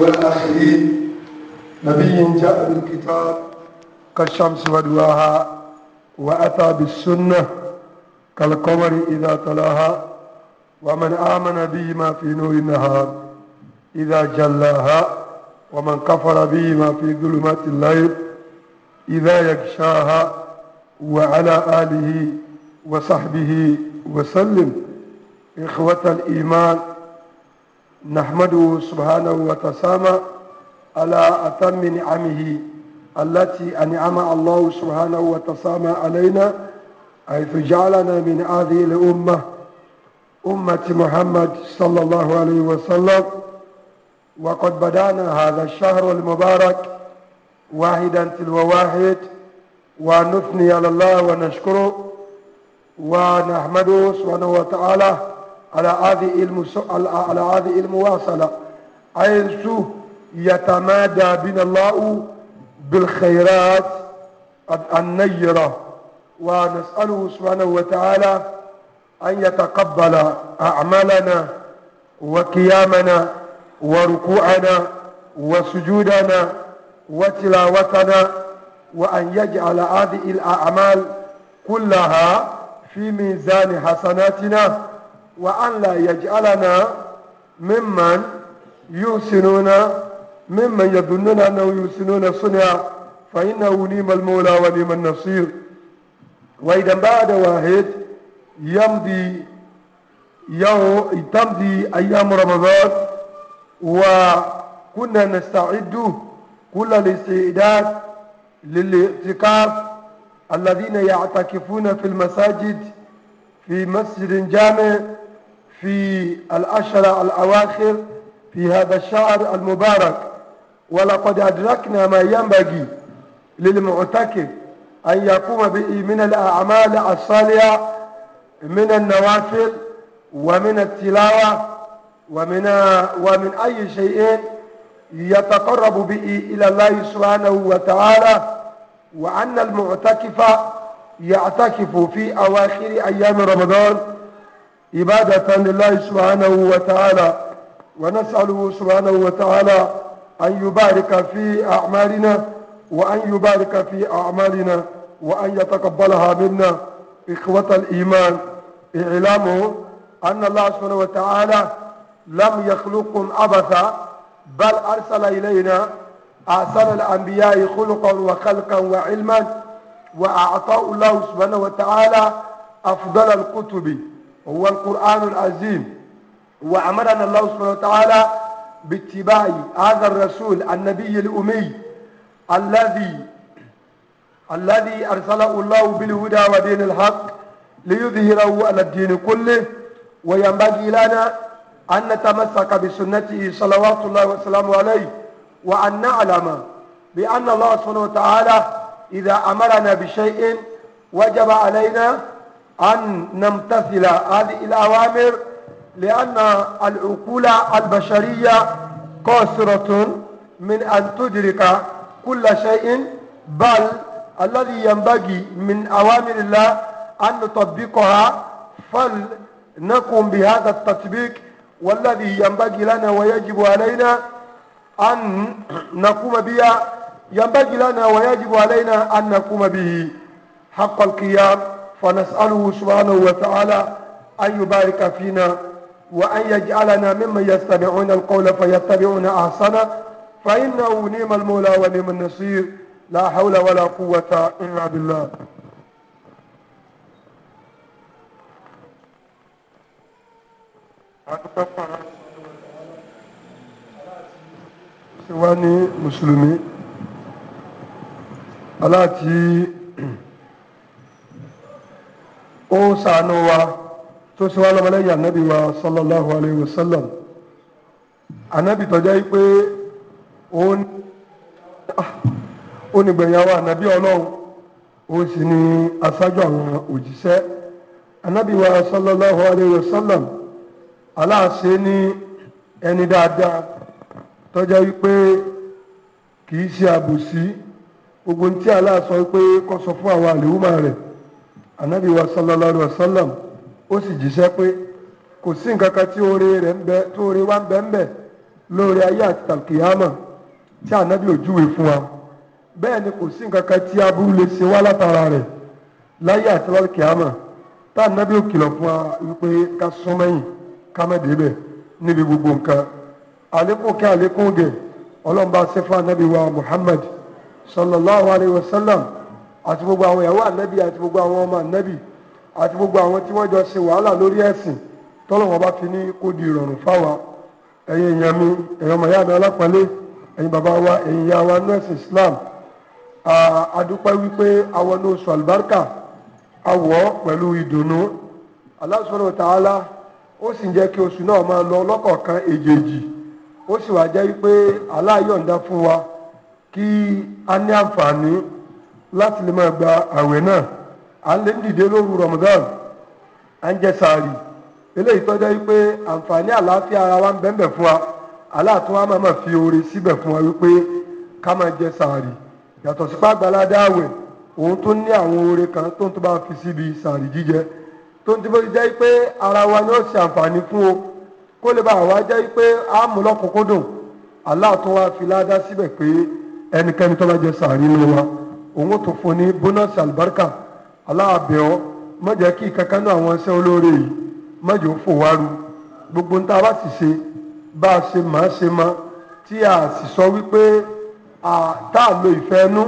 والآخرين نبي جاء بالكتاب كالشمس ودواها وأتى بالسنة كالقمر إذا تلاها ومن آمن ما في نور النهار إذا جلاها ومن كفر ما في ظلمات الليل إذا يغشاها وعلى آله وصحبه وسلم إخوة الإيمان نحمده سبحانه وتسامى على أتم نعمه التي أنعم الله سبحانه وتسامى علينا حيث جعلنا من هذه الأمة أمة محمد صلى الله عليه وسلم وقد بدأنا هذا الشهر المبارك واحدا تلو واحد ونثني على الله ونشكره ونحمده سبحانه وتعالى على هذه المس... على هذه المواصلة حيث يتمادى بنا الله بالخيرات النيرة ونسأله سبحانه وتعالى أن يتقبل أعمالنا وقيامنا وركوعنا وسجودنا وتلاوتنا وأن يجعل هذه الأعمال كلها في ميزان حسناتنا وأن لا يجعلنا ممن يحسنون ممن يظنون أنه يحسنون صنعا فإنه نيم المولى ونيم النصير وإذا بعد واحد يمضي يوم تمضي أيام رمضان وكنا نستعد كل الاستعداد للاعتكاف الذين يعتكفون في المساجد في مسجد جامع في الأشهر الأواخر في هذا الشهر المبارك ولقد أدركنا ما ينبغي للمعتكف أن يقوم به من الأعمال الصالحة من النوافل ومن التلاوة ومن ومن أي شيء يتقرب به إلى الله سبحانه وتعالى وأن المعتكف يعتكف في أواخر أيام رمضان عبادة لله سبحانه وتعالى ونسأله سبحانه وتعالى أن يبارك في أعمالنا وأن يبارك في أعمالنا وأن يتقبلها منا إخوة الإيمان إعلامه أن الله سبحانه وتعالى لم يخلقكم عبثا بل أرسل إلينا أعسل الأنبياء خلقا وخلقا وعلما وأعطاه الله سبحانه وتعالى أفضل الكتب هو القرآن العظيم وأمرنا الله سبحانه وتعالى باتباع هذا الرسول النبي الأمي الذي الذي أرسله الله بالهدى ودين الحق ليظهره على الدين كله وينبغي لنا أن نتمسك بسنته صلوات الله وسلامه عليه وأن نعلم بأن الله سبحانه وتعالى إذا أمرنا بشيء وجب علينا أن نمتثل هذه الأوامر لأن العقول البشرية قاصرة من أن تدرك كل شيء بل الذي ينبغي من أوامر الله أن نطبقها فلنقم بهذا التطبيق والذي ينبغي لنا ويجب علينا أن نقوم بها ينبغي لنا ويجب علينا أن نقوم به حق القيام ونسأله سبحانه وتعالى أن يبارك فينا وأن يجعلنا ممن يستمعون القول فيتبعون أحسنه فإنه نعم المولى ونعم النصير لا حول ولا قوة إلا بالله سواني مسلمي ní mùsùlùmí O ṣàánú wa tó ṣe lọ́mọlẹ́yìn wa sallallahu alayhi wa sallam ànábì tọ́já yìí pé ó ní gbẹ̀yàwó ànábì ọlọ́run ó sì ní aṣáájú àwọn òjíṣẹ́ wa sallallahu alayhi wa sallam aláàṣẹ ní ẹni dáadáa tọ́já yìí anabi wa sallallahu alayhi wa sallam ó sì jíṣẹ́ pé kò sí nǹkan kan tí oore rẹ̀ ń bẹ tó oore wa ń bẹ ń bẹ lórí ayé àti tàkìyàmà tí anabi ò júwe fún wa bẹ́ẹ̀ ni kò sí nǹkan kan tí aburú lè ṣe wá látara rẹ̀ láyé àti tàkìyàmà tá anabi ò kìlọ̀ fún wa wípé ká sún mẹ́yìn ká má débẹ̀ níbi gbogbo nǹkan àlékún kí àlékún gẹ̀ ọlọ́mọba sefa anabi wa muhammad sallallahu alayhi wa sallam àti gbogbo àwọn ìyàwó ànẹ́bì àti gbogbo àwọn ọmọ ànẹ́bì àti gbogbo àwọn tí wọ́n jọ ṣe wàhálà lórí ẹ̀sìn tọ́lọ́wọ́n bá fi ní kó di ìrọ̀rùn fáwa ẹ̀yin èèyàn mi ẹ̀yin ọmọ ìyá mi alápọ̀nlé ẹ̀yin bàbá wa ẹ̀yin ìyá wa nú Islam àdúpẹ́ wípé àwọn ní oṣù àlùbáríkà àwọ̀ pẹ̀lú ìdùnnú Allah subhanahu ta'ala ó sì ń jẹ́ kí oṣù náà máa lọ lọ́kọ̀ọ̀kan èjèèjì ó sì wá jẹ́ wípé Allah yọ̀ǹda fún wa kí a ní àǹfààní láti lè máa gba àwẹ̀ náà à ń dìde lóru Ramadan à ń jẹ sàárì eléyìí tọ́jọ́ yìí pé àǹfààní àlàáfíà ara wa ń bẹ́ẹ̀ fún wa aláàtún wa máa fi oore síbẹ̀ fún wa wípé ká máa jẹ sàárì yàtọ̀ sípà gbalada àwẹ̀ òun tó ní àwọn oore kan tó ń tó bá fi síbi sàárì jíjẹ tó ń tibó jẹ́ pé ara wa ni ó ṣe fún o kó wa fi ládá wa. òun ó tún fún ní bónọ́sì àlùbáríkà aláàbẹ̀ọ́ má jẹ́ kí kankan náà àwọn iṣẹ́ olóore yìí má jẹ́ ó fò wá ru gbogbo níta bá sì ṣe bá a ṣe máa ṣe mọ tí a sì sọ wípé tá a lo ìfẹ́ nú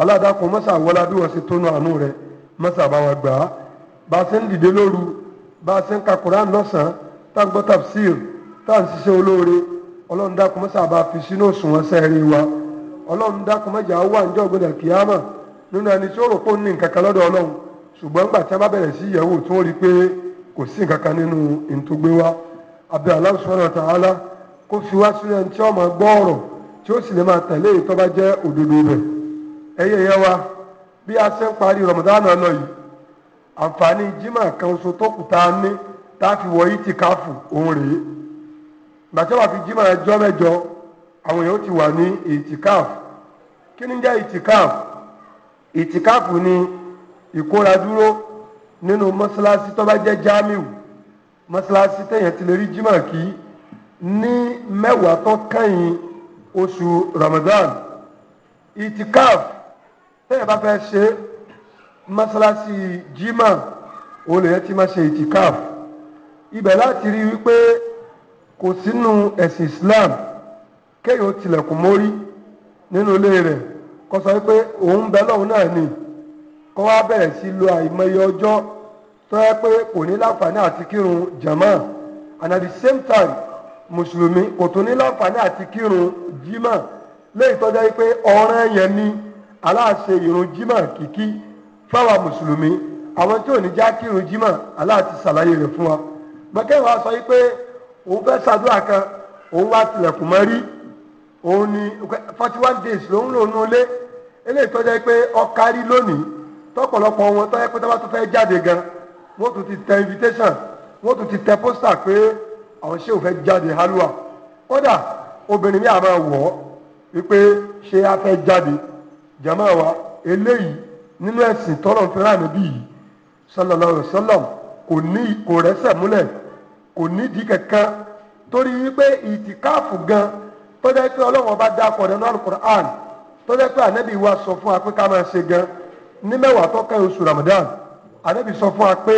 aládàkùn mọ́sà wọlá bí wọ́n ṣe tónú àánú rẹ̀ mọ́sà bá wọn gbà á bá a ṣe ń dìde lóru bá a ṣe ń ka Quran lọ́sàn-án tá a gbọ́ tafsir tá a ń ṣiṣẹ́ olóore ọlọ́run dákun mọ́sà bá a fi sínú òṣùwọ̀n sẹ́ẹ̀rí wa ọlọ́run dákun mẹ́jọ wà níjọ́ gbọ́dọ̀ kíámà nínú ẹni tí ó rò pé ó ní nǹkan kan lọ́dọ̀ ọlọ́run ṣùgbọ́n nígbà tí a bá bẹ̀rẹ̀ sí ìyẹ̀wò tí wọ́n rí pé kò sí nǹkan kan nínú ìtògbé wa abẹ́ Allah subhanahu ta'ala kó fi wá sílẹ̀ tí ó máa gbọ́ ọ̀rọ̀ tí ó sì lè máa tẹ̀lé èyí tó bá jẹ́ òdodo rẹ̀ ẹ̀yẹ yẹn wa bí a ṣe ń parí Ramadan lọ yìí àǹfààní jimá kan oṣù tó kù tá a ní tá a fi wọ ìtìkáfù òun rèé àwọn èèyàn ti wà ní ìtìkáfù kí ni jẹ́ ìtìkáf ìtìkáf ni ìkóra dúró nínú mọ́ṣáláṣí tó bá jẹ́ jamiu mọ́ṣáláṣí tẹ̀yẹ̀ ti lè rí jimá kí ní mẹ́wàá tó kẹ́yìn oṣù Ramadan ìtìkáf tẹ̀yẹ̀ bá fẹ́ ṣe mọ́ṣáláṣí jimá olè yẹn ti máa ṣe ìtìkáf ibẹ̀ láti rí wípé kò sínú ẹ̀sìn Islam kéèyàn tilẹ̀kùn mórí nínú ilé rẹ̀ kó sọ pé òun bẹ lọ́hùn náà ni kó wá bẹ̀rẹ̀ sí lo àìmọye ọjọ́ tó yẹ pé kò ní láǹfààní àti kírun jàmá and at the same time mùsùlùmí kò tún ní láǹfààní àti kírun jímà léyìí tọ́jà pé ọ̀ràn yẹn ni aláṣẹ ìrun jímà kìkì fáwa mùsùlùmí àwọn tí ò ní já kírun jímà aláàti ṣàlàyé rẹ̀ fún wa gbẹ̀kẹ́ wa sọ pé òun fẹ́ ṣàdúrà kan òun wá tilẹ̀kùn mọ́ rí òun ni forty one days ló ń lò nù lé eléyìí tó jẹ́ pé ọkárí lónìí tọ́pọ̀lọpọ̀ wọn tó jẹ́ pé tó bá tún fẹ́ jáde gan wọ́n tún ti tẹ invitation wọ́n tún ti tẹ pósítà pé àwọn ṣé ò fẹ́ jáde halluwa kódà obìnrin mi àmọ́ wọ̀ ọ́ wípé ṣé a fẹ́ jáde jàmọ́ wa eléyìí nínú ẹ̀sìn tọ́lọ̀ fẹ́ràn níbí yìí sallallahu alaihi wasallam kò ní kò rẹ́sẹ̀ múlẹ̀ kò nídìí kankan torí wípé ìtìkáàfù gan-an tó jẹ́ pé ọlọ́run ọba dákọ̀ nínú alukur'an tó jẹ́ pé ànábì wa sọ fún wa pé ká máa ṣe gan ní mẹ́wàá tó ramadan anabi sọ fún wa pé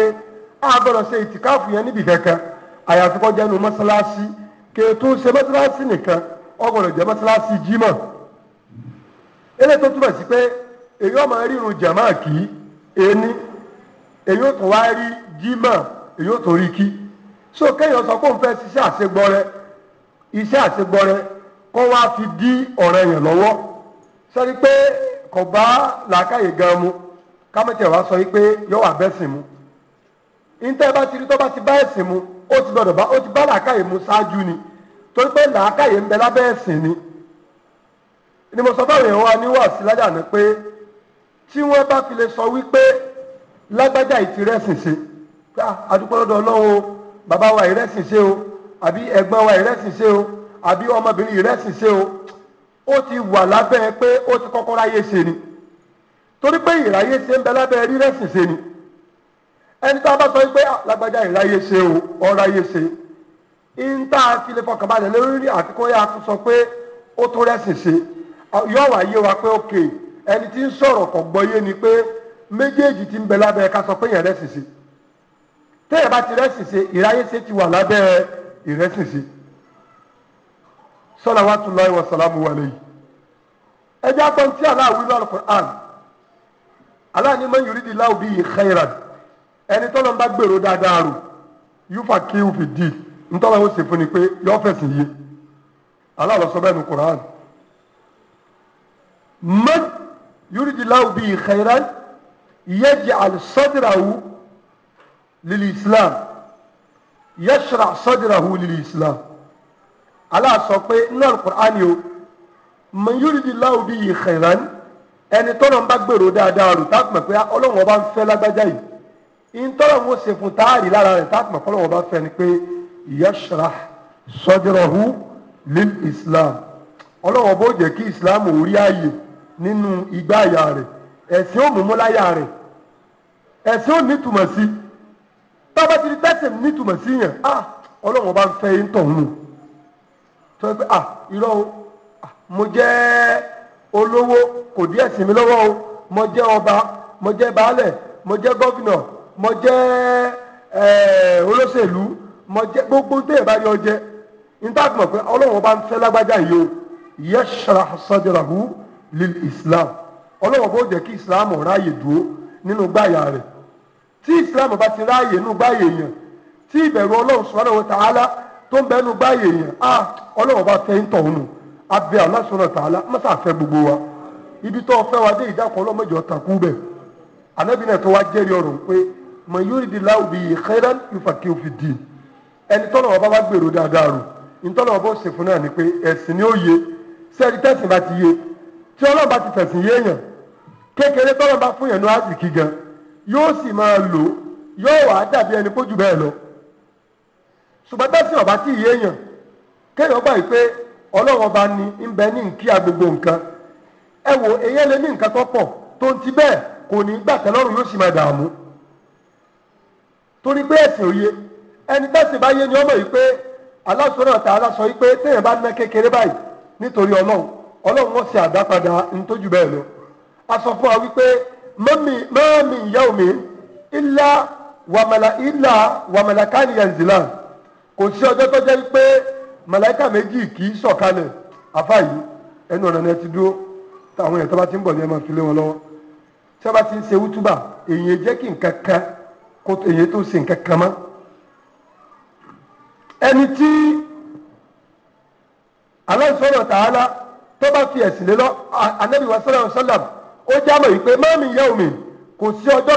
a gbọ́dọ̀ ṣe ìtìkáàfù yẹn níbi kankan àyàfi kó jẹ́ mọ́ṣáláṣí kí o ṣe mọ́ṣáláṣí nìkan jẹ́ mọ́ṣáláṣí tó sí pé èyí ọmọ rírun kì í èyí tó wá rí kó wá fi dí ọ̀rẹ́ yẹn lọ́wọ́ sẹ́ni pé kò bá làákàyè gan mu kámẹ́tẹ̀ wá sọ wípé yóò wà bẹ́sìn mu níta bá ti rí tó bá ti bá ẹ̀sìn mu ó ti gbọdọ̀ bá ó ti bá làákàyè mu ṣáájú ni torí pé làákàyè ń bẹ lábẹ́ ẹ̀sìn ni ni mo sọ fáwọn èèyàn wa níwàásí lájànà pé tí wọ́n bá fi lè sọ wípé lágbájá ìtìrẹ́sìn ṣe ká lọ́dọ̀ ọlọ́run o bàbá wa ìrẹ́sìn ṣe o àbí ẹ̀gbọ́n wa ìrẹ́sìn ṣe o àbí ọmọbìnrin rẹ̀ sì ṣe o ó ti wà lábẹ́ pé ó ti kọ́kọ́ ráyè ṣe ni torí pé ìráyè ṣe ń bẹ lábẹ́ rírẹ̀ sì ṣe ni ẹni tá a bá sọ pé ah, lágbájá ìráyè ṣe o ọ̀ráyè ṣe ń tá a fi lè fọkàn balẹ̀ lórí àti kó yá tún sọ pé ó tó rẹ́sìn ṣe yóò wá yé wa pé òkè ẹni tí ń sọ̀rọ̀ kọ̀ gbọ́yé ni pé méjèèjì ti ń bẹ lábẹ́ ká sọ pé yẹn rẹ́sìn ṣe téèyàn bá ti rẹ́sìn ṣe ìráyè ṣe ti wà lábẹ́ ìrẹ́sìn ṣe salawatullahi wa salamu alayhi ẹjẹ atọ́n tí aláà wí lọ́rùn Qur'an aláà ní man yuridillahu bihi khairan ẹni tọ́lọ́ ń bá gbèrò dáadáa rò yúfà kí ó fi dì ntọ́lọ́ ó sì fún ni pé yọ fẹ̀sìn yé aláà lọ sọ bẹ́ẹ̀ nu Qur'an man yuridillahu bihi khairan yaj'al sadrahu lil islam yashra' sadrahu lil islam. Allah sọ pé nínú alukur'an yìí o man yuridillahu bihi khairan ẹni tọ́lọ̀ ń bá gbèrò dáadáa rò táàpù mọ̀ pé ọlọ́run ọba ń fẹ́ lágbájá yìí ìtọ́lọ̀ ń ṣe fún táàrí lára rẹ̀ táàpù mọ̀ fọlọ́run ọba fẹ́ ni pé yashrah sadrahu lil islam ọlọ́run ọba ó jẹ́ kí islam ò rí ààyè nínú igbá àyà rẹ̀ ẹ̀sìn òmùmúláyà rẹ̀ ẹ̀sìn ò tábàtì tẹ́sán nítumọ̀ yẹn ah, ọlọ́run ọba ń fẹ́ yín tọ̀hún sọ à ah, irọ́ o ah, mo jẹ́ olówó kò díẹ̀ sí mi lọ́wọ́ o mo jẹ́ ọba mo jẹ́ baálẹ̀ mo jẹ́ gọ́fìnà mo jẹ́ eh, olóṣèlú mo jẹ́ gbogbo téèyàn bá yọ jẹ níta pé ọlọ́run bá ń fẹ́ lágbájá yìí o yashrah sadrahu lil islam ọlọ́run bó jẹ́ kí islam ráàyè dúró nínú gbàyà rẹ̀ tí islam bá ti ráàyè nínú gbàyè èèyàn tí ìbẹ̀rù ọlọ́run subhanahu wa ta'ala tó ń bẹnu báyìí èèyàn á ọlọ́wọ́ bá fẹ́ ń tọ̀ ọ́nù abẹ́ aláṣọ́nà tààlà mọ́sà fẹ́ gbogbo wa ibi tó fẹ́ wa dé ìdákan ọlọ́mọdé ọ̀tàkùn bẹ̀ ànábì tó wá jẹ́rìí ọ̀rọ̀ pé mọ yóò di láwùbí khairan ìfàkì òfin dì ẹni tọ́lọ̀ ọba wá gbèrò dáadáa rò ìtọ́lọ̀ ọba òsè fún náà ni pé ẹ̀sìn ni ó yẹ sẹ́ẹ̀dì tẹ̀sìn bá ti yẹ tí ọlọ́ba ti fẹ̀sìn yéèyàn kékeré tọ́lọ̀ bá fún yẹn ní àsìkí gan yóò sì máa lò yóò wà dàbí ẹni pójú bẹ́ẹ̀ lọ ṣùgbọ́n tẹ́sán ọ̀bá tí ìyé èèyàn kéèyàn gbà yìí pé ọlọ́run ọba ni ń bẹ ní gbogbo nǹkan ẹ wo èyí lè ní nǹkan tó pọ̀ tó ń ti bẹ́ẹ̀ kò ní gbà tẹ́lọ́rùn yóò sì máa dààmú torí pé ẹ̀sìn òye ẹni bá yé ni ọmọ yìí pé aláṣọ náà tà aláṣọ yìí pé téèyàn bá ná kékeré báyìí nítorí ọlọ́run ọlọ́run ṣe àdápadà lọ a ilá wàmàlà ilá kò sí ọjọ́ tó jẹ́ pé màláìka méjì kì í sọ̀kalẹ̀ àfáàyè ẹnu ọ̀nà ni ẹ ti dúró táwọn èèyàn tó bá ti ń bọ̀ ní ẹ máa fi lé wọn lọ́wọ́ tí wọ́n bá ti ń ṣe wútúbà èèyàn jẹ́ kí nǹkan kan kó tó mọ́ ẹni tí aláìsọ̀rọ̀ tààlà tó bá fi ẹ̀sìn lé lọ anábì já yìí pé mọ́mí ìyá omi kò sí ọjọ́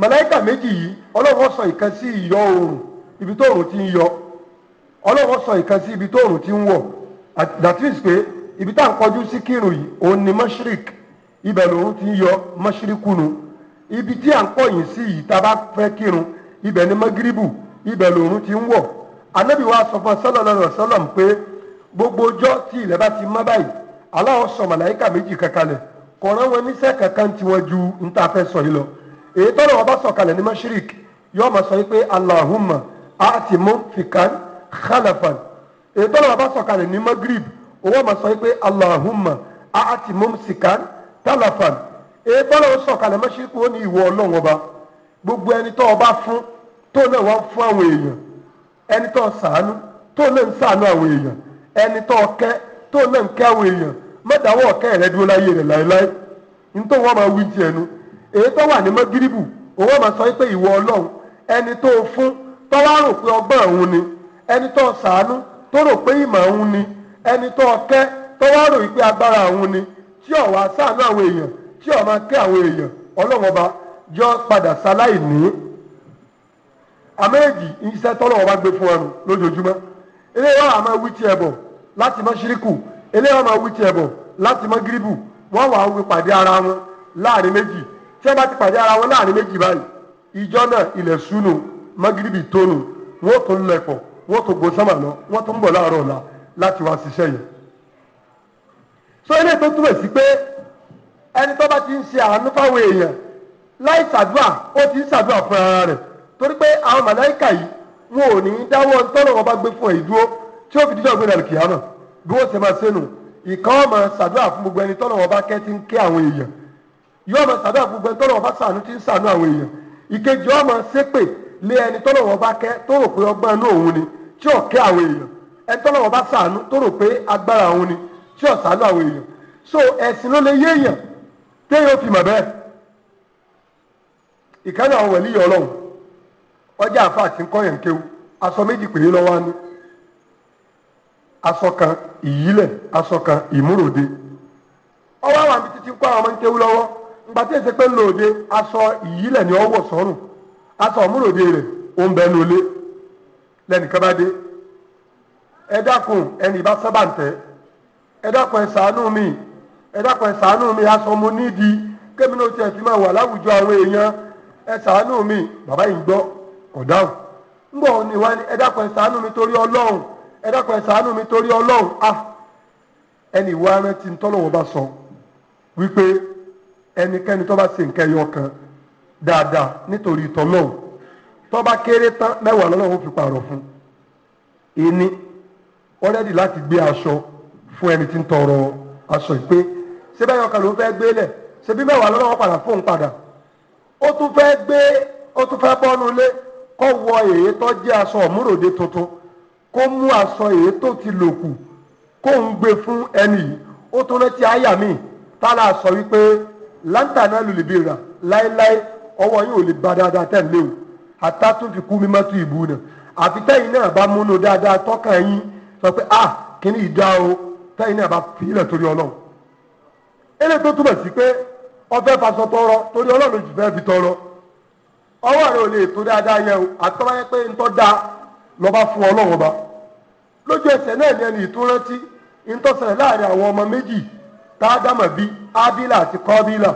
màláìkà méjì yìí ọlọ́run sọ ìkan sí ìyọ oòrùn ibi tó oòrùn ti ń yọ ọlọ́run sọ ìkan sí ibi tó oòrùn ti ń wọ̀ that means pé ibi tá à ń kọjú sí kírun yìí òun ti ń yọ ibi tí à ń kọ̀yìn sí yìí tá a bá fẹ́ kírun ibẹ̀ ni ibẹ̀ lòun ti ń anabi wa sọ fún gbogbo ọjọ́ tí ilẹ̀ ti má báyìí sọ màláìkà méjì kọ̀ọ̀rọ̀ wọn níṣẹ́ kankan sọ yìí èyí tọ́lọ̀ wọn bá sọ̀kalẹ̀ ní mashirik yóò máa sọ wípé Allahumma aati fikan khalafan èyí tọ́lọ̀ wọn bá sọ̀kalẹ̀ ní magrib owó máa sọ wípé Allahumma aati sikan talafan èyí tọ́lọ̀ wọn sọ̀kalẹ̀ mashirik wọn ní ìwọ ọlọ́wọ́n ba gbogbo ẹni tó o bá fún tó náà wọ́n fún àwọn èèyàn ẹni tó sàánú tó náà ń sàánú àwọn èèyàn ẹni tó kẹ́ tó náà ń kẹ́ àwọn èèyàn mẹ́ta wọ́n rẹ dúró láyé rẹ láéláé nítorí wọ́n máa wí ti èyí tó wà ní mọ́gíríbù òun máa sọ pé ìwọ ọlọ́run ẹni tó fún tó wá rò pé ọgbọ́n òun ni ẹni tó sàánú tó rò pé ìmọ̀ òun ni ẹni tó kẹ́ tó wá rò pé agbára òun ni tí ó wá sàánú àwọn èèyàn tí ó máa kẹ́ àwọn èèyàn ọlọ́run ọba jọ padà sáláì ní àmẹ́jì iṣẹ́ tọ́lọ́wọ́ bá gbé fún ẹrù lójoojúmọ́ eléyìí wà á wí tiẹ̀ bọ̀ láti mọ́ ṣíríkù eléyìí wà á wí tiẹ̀ bọ̀ láti mọ́ gíríbù wọ́n wà á wí ara wọn láàrin méjì tí wọ́n bá ti pàdé ara wọn láàrin méjì báyìí ìjọ náà ilẹ̀ sunu magiribi tónu wọ́n tún lẹ̀pọ̀ wọ́n tún gbó sánmà lọ wọ́n tún bọ̀ láàárọ̀ ọ̀la láti wá ṣiṣẹ́ yẹn. sọ ilé tó túmọ̀ sí pé ẹni tó bá ti ń ṣe àánú fáwọn èèyàn láì ṣàdúà ó ti ń ṣàdúà fún ara rẹ̀ torí pé àwọn màláìkà yìí wọn ò ní í dáwọ́ ntọ́nà wọn bá gbé fún ẹ̀ dúró tí ó fi dídọ̀ gbé dàlùkì àmọ̀ bí wọ́n ṣe máa ṣe nù ìkan máa ṣàdúà fún gbogbo ẹni tọ́nà wọn bá kẹ́ ti ń kẹ́ àwọn èèyàn yóò máa sàdúrà gbogbo ẹni tọ́lọ́wọ́ bá sànú tí ń sànú àwọn èèyàn ìkejì ó máa ṣépè lé ẹni tọ́lọ́wọ́ bá kẹ́ tó rò pé ọgbọ́n inú òun ni tí ò kẹ́ àwọn èèyàn ẹni tọ́lọ́wọ́ bá sànú tó rò pé agbára òun ni tí ò sànú àwọn èèyàn so ẹ̀sìn ló lè yé èèyàn téèyàn fi mọ̀ bẹ́ẹ̀ ìkànnì àwọn wẹ̀lí ọlọ́run ọjà àfáà ti ń kọ́ yẹn kéwu aṣọ méjì péré lọ́wọ́ á ọwọ́ àwọn àmì títí ń kọ́ àwọn ọmọ ń kéwu lọ́wọ́ gbàtí èsì pé ńlòdì aṣọ ìyílẹ̀ ni ọwọ́ sọ́rùn aṣọ ọ̀múlòdì rẹ̀ ó ń bẹ ní olé lẹ́nìkan bá dé ẹ dákun ẹnì bá sábà ń tẹ́ mi ẹ dákun ẹ mi aṣọ mo nídìí kémi ló tiẹ̀ fi máa wà láwùjọ àwọn èèyàn ẹ ṣàánú mi bàbá wa ń bá sọ wípé ẹnikẹ́ni tó bá ṣe nǹkan ẹyọ kan dáadáa nítorí ìtọ́ náà tó bá kéré tán mẹ́wàá lọ́nà fi pààrọ̀ fún ìní láti aṣọ fún ẹni tí ń tọrọ aṣọ ìpé ṣé bẹ́ẹ̀ yọkàn ló fẹ́ gbé lẹ̀ ṣe bí mẹ́wàá lọ́nà wọn padà fóun padà ó tún fẹ́ gbé ó tún fẹ́ bọ́nu lé kó wọ aṣọ ọ̀múròde tuntun kó mú aṣọ èyí tó ti lò kù fún ẹni yìí ó tún rántí àyà tálà sọ láǹtà náà lulẹ̀ bí ra láéláé ọwọ́ lè ba dáadáa tẹ̀ léwu àtàtún fi kú mímọ́ tó ìbú náà àfi tẹ́yìn náà bá múnú dáadáa tọ́kàn yín sọ pé a ah, kìíní ìdá o tẹ́yìn náà bá fi ilẹ̀ torí ọlọ́run eléyìí tó túmọ̀ sí pé ọfẹ́ fasọ tọrọ torí ọlọ́run fẹ́ fi tọrọ ọwọ́ rẹ ò lè tó dáadáa yẹn o àtọ́wá yẹn pé da lọ́ba fún ọlọ́run ọba lójú ẹsẹ̀ náà ni ẹni ìtúrántí láàrin àwọn ọmọ méjì tá a abila àti kọ́bílà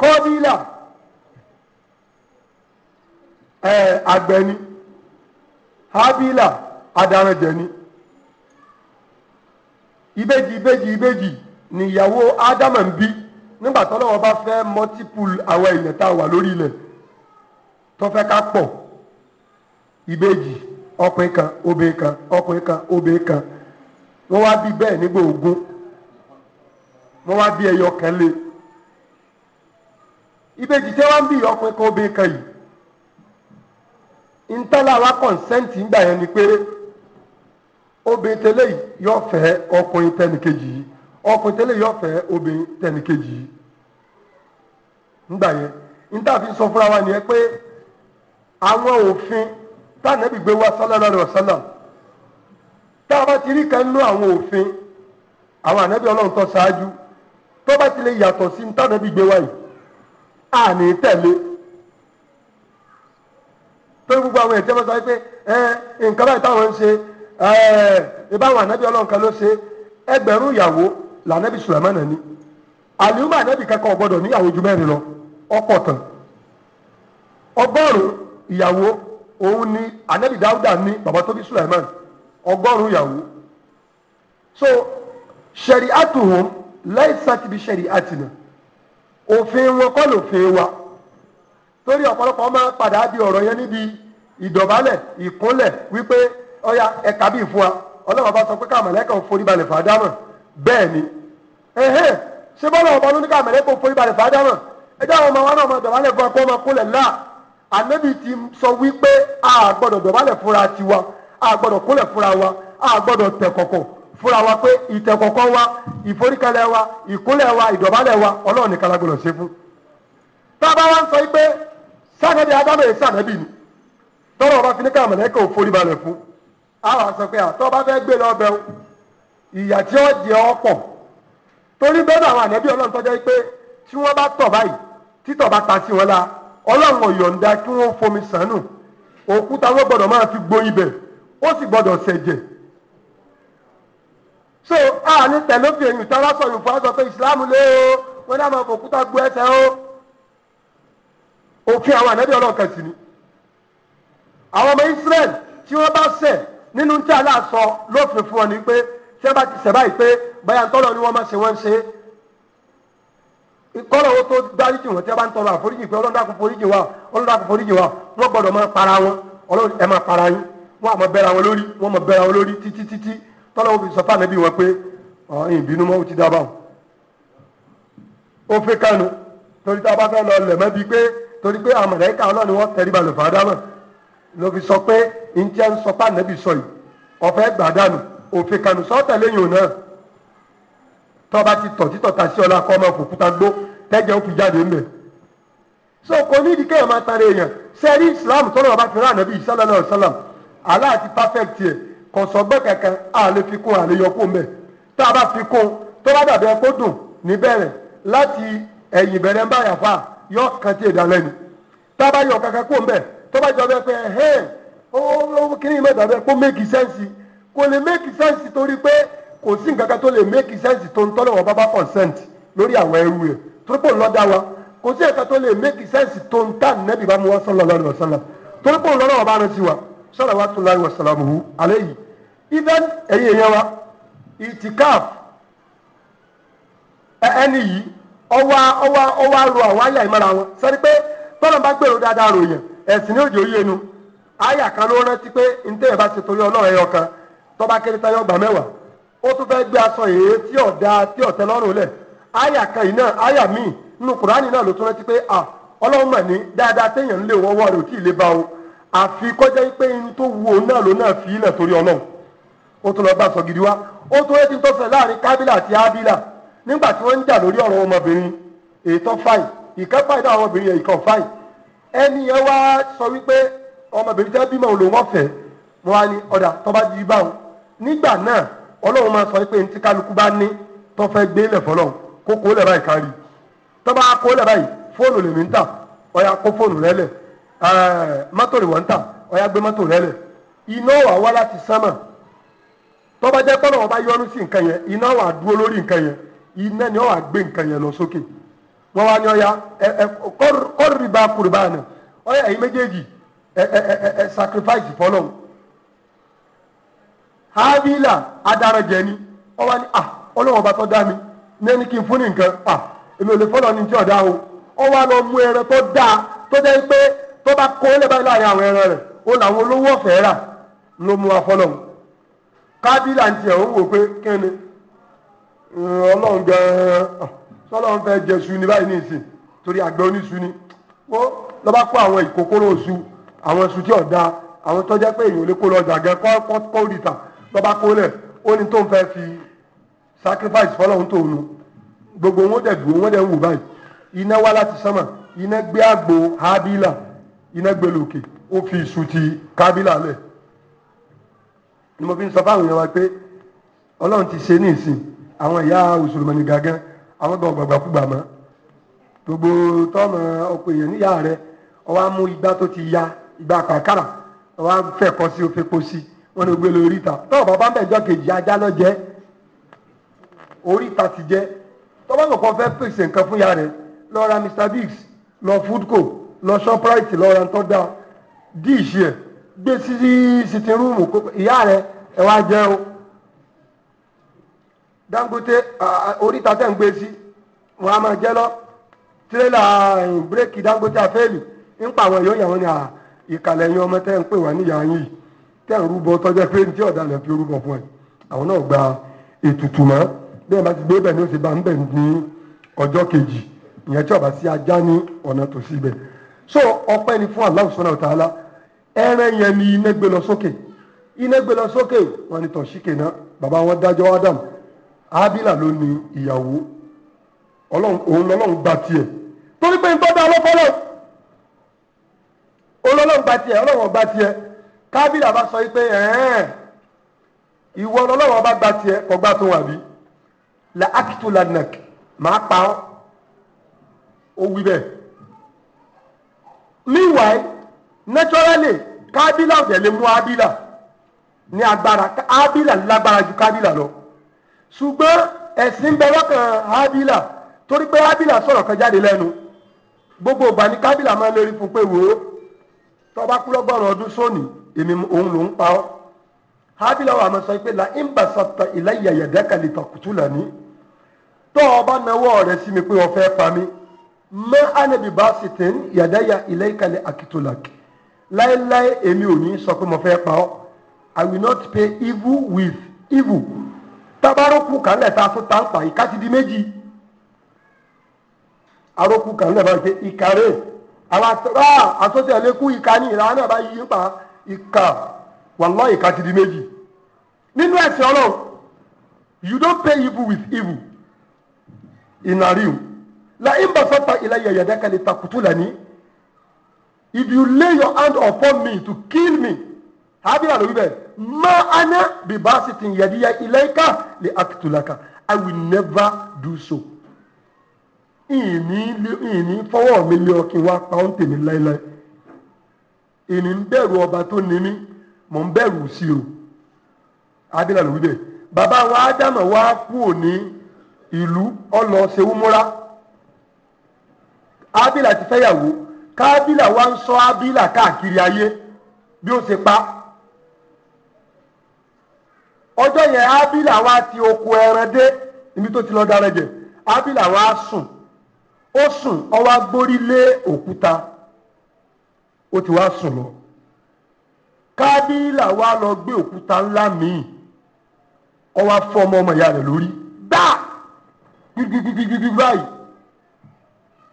kọ́bílà ẹ̀ àgbẹ̀ni abila adaranjẹni ìbejì ìbejì ìbejì nìyàwó ádámà ń bí nígbà tọ́lọ́wọ́ bá fẹ́ multiple àwọn èèyàn tá a wà lórí ilẹ̀ tó fẹ́ ká pọ̀ ìbejì ọkùnrin kan obìnrin kan ọkùnrin kan obìnrin kan wọ́n wá bí bẹ́ẹ̀ nígbà ogún wọ́n wá bí ẹyọ kan lé ìbejì tí wọ́n bí ọkùnrin kan obìnrin kan yìí ntẹ́lẹ̀ àwa kọ̀ǹsẹ́ǹtì ń gbà yẹn ni pé obìnrin tẹ́lẹ̀ yóò fẹ́ ọkùnrin tẹ́nìkejì yìí ọkùnrin tẹ́lẹ̀ yóò fẹ́ obìnrin tẹ́nìkejì yìí ńgbà yẹn ntàfi sọ fúnra wa nìyẹn pé àwọn òfin tánàbí gbé wá sallallahu alaihi wasallam tá a bá ti rí kan nú àwọn òfin àwọn ànábì ọlọ́run tó ṣáájú tó bá ti lè yàtọ̀ sí ntànà bí a ní tẹ̀lé tó gbogbo àwọn ẹ̀jẹ̀ máa sọ ẹ nǹkan báyìí táwọn ń ṣe ẹ ìbáwọn ànábì ọlọ́run kan ló ṣe ẹgbẹ̀rún ìyàwó sùlẹ̀mánà ni àlùmọ́ ànábì níyàwó ju mẹ́rin lọ ọ̀pọ̀ tán ọgọ́rùn ìyàwó ni ànábì dáúdà ní bàbá sùlẹ̀mánà ọgọ́rùn ìyàwó so àtùhùn. laysat bi shari'atina òfin wọn kọ́ lòfin wa torí ọ̀pọ̀lọpọ̀ máa padà di ọ̀rọ̀ yẹn níbi ìdọ̀bálẹ̀ ìkúnlẹ̀ ọya ẹ̀ka bíi fún wa ọlọ́run ọba sọ pé ká foríbalẹ̀ fàdámọ̀ bẹ́ẹ̀ ni ṣé bọ́lá ọba ló ní ká foríbalẹ̀ fàdámọ̀ ẹjẹ́ àwọn ọmọ wa náà máa dọ̀bálẹ̀ gan kó máa kúnlẹ̀ ànábì ti sọ wípé a gbọ́dọ̀ fúnra tiwa a kúnlẹ̀ fúnra wa a tẹ̀kọ̀kọ̀ fúnra wa pé ìtẹ̀kọ̀kọ́ wa ìforíkalẹ̀ wa ìkúnlẹ̀ wa ìdọ̀bálẹ̀ wa ọlọ́run nìkan la ṣe fún. tá wá ń sọ pé sànẹ́bí ádámù sànẹ́bí ni ọba finika mọ̀lẹ́kà ò forí balẹ̀ fún a wà sọ pé àtọ́ bá fẹ́ gbé lọ́bẹ̀ o ìyà tí ó jẹ ọ́ pọ̀ torí bẹ́ẹ̀ àwọn ànẹ́bí ọlọ́run pé tí wọ́n bá tọ̀ báyìí títọ̀ bá ta sí wọn la so a ní tẹ̀lófin èyí tó lọ́sọ̀ yorùbá sọ pé ìsìláàmù lé o wọn náà máa fòkúta gbó ẹsẹ̀ o òfin àwọn ànábì ọlọ́ọ̀kan sì ni àwọn ọmọ Israel tí wọ́n bá sẹ nínú tí aláà sọ lófin fún ọ ni pé tí wọ́n bá ti ṣẹ̀ pé báyà ń tọ́lọ̀ ni wọ́n máa ṣe wọ́n ṣe kọ́lọ̀ wo tó dárí jù tí wa ọlọ́dún wa máa para wọn ọlọ́dún ẹ máa para yín àmọ́ bẹ́ra wọn tọ́lọ́wọ́ fi sọ fún ànábì wọn pé ọ̀hún ìbínú mọ́ ó ti dábàá wọn. ó fẹ́ kánú torí tá a bá fẹ́ lọ lẹ̀ mẹ́bi pé torí pé àmọ̀lẹ́kà ọlọ́ni wọn tẹ̀rí balẹ̀ fàdámà ló fi sọ pé njẹ́ ń sọ fún ànábì sọ yìí ọ̀fẹ́ gbàdánù òfin kanu sọ́ọ̀tẹ̀ lẹ́yìn òun náà tọ́ba ti tọ̀ títọ̀ ta sí ọlá kọ́ ọmọ òkúta gbó tẹ́jẹ́ ó fi jáde ń bẹ̀. so kò ní ìdí kéèyàn máa tara èèyàn sẹ́rí Islam tọ́lọ́ bàbá fi rán ànábì sallallahu alaihi wasallam aláàtì perfect yẹn kọ̀sọ́gbọ́n kankan a lè fi kún a lè yọ kún bẹ́ẹ̀ tá a bá fi kún tó bá dàbí ẹkó dùn níbẹ̀rẹ̀ láti ẹ̀yìn bẹ̀rẹ̀ ń bá yàfa yọ kan tí èdè lẹ́nu tá a bá yọ kankan kún bẹ́ẹ̀ tó bá jọ bẹ́ẹ̀ pé ẹ̀hẹ́n ó kí ni mẹ́ta bẹ́ẹ̀ kó méjì sẹ́ǹsì kò lè méjì sẹ́ǹsì torí pé kò sí nǹkan tó lè méjì sẹ́ǹsì tó ń tọ́lọ̀ wọn bábá consent lórí àwọn ẹrú rẹ̀ torí pé òun lọ́dá wa kò sí ẹ̀ka tó lè méjì sẹ́ǹsì tó ń tà nẹ́bí bá mu wá sallallahu alaihi wasallam torí pé òun lọ́dá wọn bá rántí wa sallallahu alaihi wasallam alayhi even ẹ̀yin èèyàn wa itikaf ẹni yìí ọwá ọwọ ọwá ro àwọn àyà ìmọ̀ra wọn sẹ́ni pé tọ́lọ̀ bá gbèrò dáadáa ròyìn ẹ̀sìn ní òjò aya nu àyà kan ló rántí pé ntẹ̀yìn bá ti torí ọlọ́run ẹyọ kan tọ́ba kéré tayọ gbà mẹ́wàá ó tún fẹ́ gbé aṣọ èyí tí ọ̀dà tí ọ̀tẹ lọ́rùn lẹ̀ àyà kan yìí náà àyà míì nínú kùránì náà ló tún rántí pé à ọlọ́run àfi kọjá pé tó wu òun náà ló ó tún lọ bá sọ gidi wá ó tún rétí tó fẹ́ láàrin kábílà àti ábílà nígbà tí wọ́n ń jà lórí ọ̀rọ̀ ọmọbìnrin ètò fáì ìkan fáì náà ọmọbìnrin yẹn ìkan fáì ẹni yẹn wá sọ wípé ọmọbìnrin tẹ́ bímọ òun ló wọ́n fẹ́ wọn á ní ọ̀dà tó bá di báwọn nígbà náà ọlọ́run máa sọ pé ntí kálukú bá ní tó fẹ́ gbé lẹ̀ fọlọ́ kó kó lẹ̀ báyìí kárí tó bá kó lẹ̀ báyìí fóònù lèmi ń tà ọ̀yà kó fóònù rẹ lẹ̀ mọ́tò rẹ̀ wọ́n ń tà ọ̀yà gbé mọ́tò rẹ lẹ̀ iná wà wá láti sánmà bọ́bá jẹ́ pọ́nà wọn bá yọnu sí nǹkan yẹn iná wà dúró lórí nǹkan yẹn iná ni wọ́n wà gbé nǹkan yẹn lọ sókè wọ́n wá ní ọya ẹ ẹ kọ́rìbá kùrìbá nà ọya ẹ̀yin méjèèjì ẹ ẹ sacrifice fọlọ́n hábìlà adarajẹ ni wọ́n wá ní à ah, ọlọ́wọ́n bá tọ́ dá mi nẹ́ni kí n fún ní nǹkan à ah, èmi ò lè fọlọ́ ní tí ọ̀dá o wọ́n wá lọ mú ẹran tó dáa tó jẹ́ pé tó bá kó lẹ́bàá láàrin àwọn ẹran rẹ̀ ó làwọn olówó ọ̀fẹ́ rà ló mú wa fọlọ́n kábílà ń tiẹ̀ ń wò pé kíni ọlọ́run gan-an ah, sọlọ́run fẹ́ jẹ su ní báyìí nìsín torí àgbẹ̀ oníṣu ni ó lọ́ba kó àwọn ìkókóró su àwọn su tí ò da àwọn tó jẹ́ pé èèyàn lè kó lọ ọjà gan kọ́ kọ́ rìtà lọ́ba kó lẹ̀ ó ní tó ń fẹ́ fi sacrifice fọlọ́run tó nu gbogbo wọn dẹ̀ dùn wọn dẹ̀ ń wò báyìí iná wá láti sánmà iná gbé àgbo hábílà iná gbé lòkè ó fi ìṣù ti kábílà lẹ̀ ni mo fi ń sọ fáwọn èèyàn wa pé ọlọ́run ti ṣe ní ìsìn àwọn ìyá òṣèlúmọ̀nì gàgán àwọn gbọ̀n gbàgbà kúgbà mọ́ gbogbo tọ́mọ ọkọ èèyàn níyà rẹ ọwọ́ mú igbá tó ti ya igbá pàkàrà ọwọ́ á fẹ́ kọ́ sí ofe kó sí wọn ni ó gbé lọ oríta tọ́wọ́ bàbá mẹ́jọ kejì ajá lọ jẹ́ oríta ti jẹ́ tọ́wọ́ nǹkan fẹ́ pèsè nǹkan fún ya rẹ lọ ra Mr Biggs lọ Foodco lọ Shoprite lọ ra ń tọ́ da díìsì ẹ̀ gbé sí sitiruumu ìyá rẹ ẹ wá jẹ o Dangote oríta tẹ̀ ń gbé sí wọn a máa jẹ lọ tirẹ́là eh, bírèkì Dangote àfẹ́lì ń pa àwọn èèyàn yàwọn ni ìkàlẹ̀ yín ọmọ tẹ́ ń pè wá níyà yín tẹ́ ń rúbọ tọ́jọ́ pé ní tí ọ̀daràn fi rúbọ fún ẹ àwọn náà gba ètùtù mọ́ bẹ́ẹ̀ bá ti gbé bẹ́ẹ̀ ni ó ti bá ń bẹ̀ ní ọjọ́ kejì ìyẹn tí ọba sí ajá ní ọ̀nà tòsí ibẹ̀ so ọpẹ́ ni fún Allah subhanahu wa ẹran yẹn ni iná gbé lọ sókè iná gbé lọ sókè wọ́n ní tọ̀síkè náà bàbá wọn dájọ́ Adam Abila ló ní ìyàwó òun lọ́lọ́run gba tiẹ̀ torí pé nítorí alọ́kọ́lọ́ olọ́lọ́run gba tiẹ̀ ọlọ́run gba tiẹ̀ kábílà bá sọ pé ìwọ ọlọ́run ọba gba tiẹ̀ ọgbà tó wà bí la akitu lanak máa pa ọ́ ó wí bẹ́ẹ̀ meanwhile naturally kábílà ọ̀dẹ̀ lè mú ábílà ní agbára ábílà lágbára ju kábílà lọ ṣùgbọ́n ẹ̀sìn bẹ lọ́kàn ábílà torí pé ábílà sọ̀rọ̀ kan jáde lẹ́nu gbogbo ìgbà ní kábílà máa ń lérí fún pé wò ó tọ́ba kú lọ́gọ́rùn ọdún sóòní èmi òun ló ń pa ọ́ ábílà wà máa sọ pé la ń bà sọ̀tọ̀ ìlẹ́yà yẹ̀dẹ́kà lè tọ̀kùtù lẹ́ni tọ́ ọba náwó rẹ̀ sí mi pé o fẹ́ pa mí mọ́ ánàbì bá sì tẹ̀ ń yẹ̀dẹ́yà ìlẹ́yà àkìtòlàkì láéláé èmi ò ní sọ pé mo fẹ́ pa ọ́ i will not pay evil with evil tábàrókù kanlẹ̀ tá a tún ta ń pa ìka ti di méjì arókù kanlẹ̀ máa ń pe ìkàrè àwọn àtúrà àtúntẹ̀ lẹ́kùn ìka ní ìlànà náà bá yí pa ìka wàlọ́ ìka ti di méjì nínú ẹ̀sìn ọlọ́run you don't pay evil with evil ìnàríw la ìbọ̀sọ̀tà ìlà yẹ̀yẹ̀dẹ́kẹ̀lẹ̀ takùtù lẹ́ni if you lay your hand upon me to kill me habila ló wí bẹ́ẹ̀ ma ana ya yadiya ilayka li aktulaka i will never do so ìní fọwọ́ mi lé ọkìn wá pa ó ń tèmi láéláé ìní ń bẹ̀rù ọba tó ní mí mò ń bẹ̀rù sí o abila ló wí bẹ́ẹ̀ bàbá wa ádámà wá kú òní ìlú ọlọ́ọ̀ṣẹ́wúmúra abila ti fẹ́yàwó kábílà wa ń sọ ábílà káàkiri ayé bí ó ṣe pa ọjọ́ yẹn ábílà wa ti oko ẹran dé ibi tó ti lọ dára jẹ ábílà wa sùn ó sùn ó wá gbórí lé òkúta ó ti wá sùn lọ kábílà wa lọ gbé òkúta ńlá míì ó wá fọ́ ọmọ ọmọ ìyá rẹ̀ lórí gbá gbígbígbígbígbí báyìí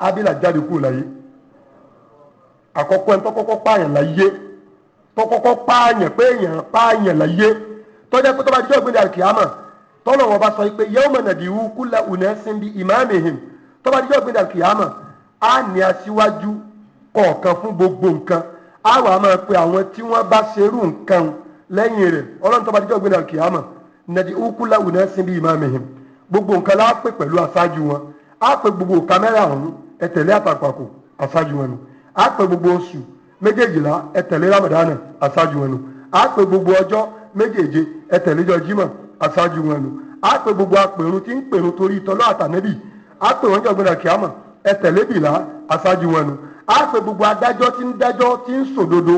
ábílà jáde kúrò láyé. àkọ́kọ́ ẹni tó kọ́kọ́ pààyàn láyé tó kọ́kọ́ pààyàn pé èèyàn pààyàn láyé tó jẹ́ pé tó bá dijọ́ ìgbéǹde àkìyàmọ̀ tọ́lọ̀ wọn bá sọ pé yawma nad'u kulla unasin bi imamihim tó bá dijọ́ ìgbéǹde àkìyàmọ̀ á ní aṣíwájú kọ̀ọ̀kan fún gbogbo nǹkan á wàá máa pe àwọn tí wọ́n bá ṣerú nǹkan lẹ́yìn rẹ̀ ọlọ́run tó bá dijọ́ ìgbéǹde àkìyàmọ̀ nad'u kulla unasin á pè gbogbo oṣù méjèèjìlá ẹ tẹ̀lé ramadana aṣáájú wọn nù á pè gbogbo ọjọ́ méjèèje ẹ tẹ̀lé jọ jímọ̀ aṣáájú wọn nù á pè gbogbo apèrun tí ń pèrun torí ìtọ́lọ́ àtànẹ́bì á pè wọ́n jọ gbọdọ̀ kíámà ẹ tẹ̀lé bìlá aṣáájú wọn nù á pè gbogbo adájọ́ tí ń dájọ́ tí ń sòdodo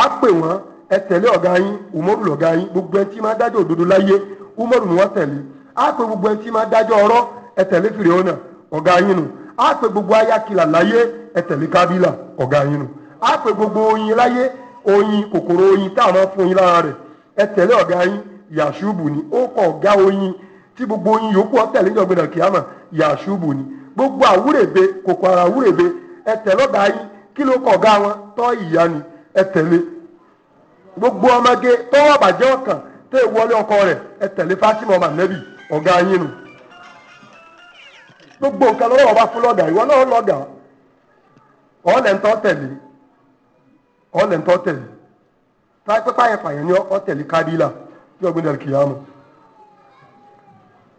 á pè wọ́n ẹ tẹ̀lé ọ̀gá yín umaru lọ̀gá yín gbogbo ẹni máa dájọ́ òdodo láyé umaru ni wọ́n tẹ̀lé á gbogbo ẹni máa dájọ́ ọ̀rọ̀ ẹ fìrìhónà ọ̀gá yín nù á gbogbo ayakilà láyé ẹ tẹ̀lé kábílà ọ̀gá yín nu á pè gbogbo oyin láyé oyin kòkòrò oyin tá a máa fún yín lára rẹ̀ ẹ ọ̀gá yín yàṣùbù ni ó kọ̀ ọ̀gá oyin tí gbogbo oyin yòókù ọ tẹ̀lé kìámà yàṣùbù ni gbogbo àwúrèbe kòkò ara àwúrèbe ẹ tẹ̀lé ọ̀gá yín kí ló kọ̀ ọ̀gá wọn tọ́ ìyá ni ẹ tẹ̀lé gbogbo ọmọge tọ́wọ́ bàjẹ́ ọkàn tẹ́ ẹ wọlé ọkọ rẹ̀ ẹ tẹ̀lé fásitì ọmọ nẹ́bì ọ̀gá yín nu gbogbo nǹkan lọ́wọ́ wa fún lọ́gà ìwọ náà lọ́gà ọ̀ọ́lẹ̀ ń tọ́ tẹ̀lé ọ̀ọ́lẹ̀ ń tọ́ tẹ̀lé táyé pípa yẹn pààyàn ní ọkọ̀ tẹ̀lé kábílà ní ọgbìn dẹ̀rẹ̀ kìyàmù.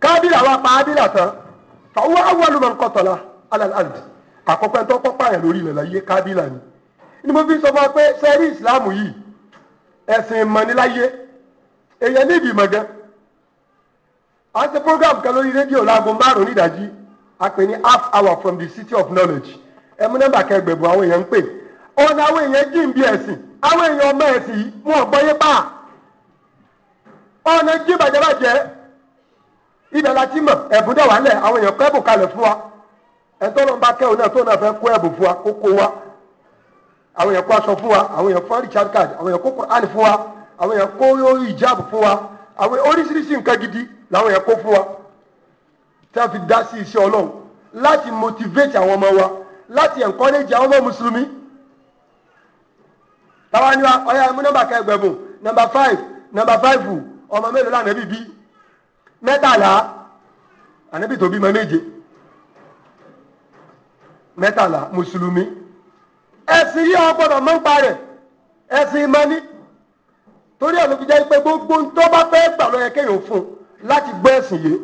kábílà wa pa ábílà tán fàwọn awọ́lu mọ̀ nkọ́tọ̀lá alàlàlì àkọ́kọ́ ẹ̀ńtọ́ kọ́ pààyàn lórí ilẹ̀ láyé kábílà ni. ni mo fi sọ fún wa pé sẹ́rí ìsìláàmù yìí ẹ̀sìn ìmọ̀ ni níbi ìmọ̀ gan. a program kan lórí rédíò láago márùn-ún nídàjí a pè ní half hour from the city of knowledge ẹ mú nọ́mbà kẹgbẹ̀bù àwọn èèyàn ń pè ọ̀nà àwọn èèyàn jìn bí ẹ̀sìn àwọn èèyàn ọmọ ẹ̀sìn yìí wọn gbọ́yé bá ọ̀nà jí bàjẹ́bàjẹ́ ibẹ̀ la ti mọ̀ ẹ̀bùn dẹ̀ wà lẹ̀ àwọn èèyàn kọ́ ẹ̀bùn kalẹ̀ fún wa ẹ̀tọ́ ló ń bá kẹ́hìn náà tó náà fẹ́ kó ẹ̀bùn fún wa kó kó wa àwọn èèyàn kó aṣọ fún wa àwọn èèyàn fún richard card àwọn èèyàn kó quran fún wa àwọn èèyàn kó hijab fún wa àwọn oríṣiríṣi nǹkan gidi làwọn èèyàn kó fún wa tí a fi dá sí iṣẹ́ ọlọ́run láti motivate àwọn ọmọ wa láti encourage àwọn ọmọ mùsùlùmí táwa ni wa ọ̀yà mú nọ́mbà kẹgbẹ̀bùn nọ́mbà five nọ́mbà five ọmọ mélòó lànà bí bí mẹ́tàlá ànábì tó bí mọ méje mẹ́tàlá mùsùlùmí ẹ̀sìn yìí wọn gbọ́dọ̀ mọ́ ń parẹ̀ ẹ̀sìn ìmọ̀ni torí ẹ̀ ló fi jẹ́ pé gbogbo tó bá fẹ́ gbà lọ́yẹ kéèyàn fún un láti gbọ́ ẹ̀sìn yìí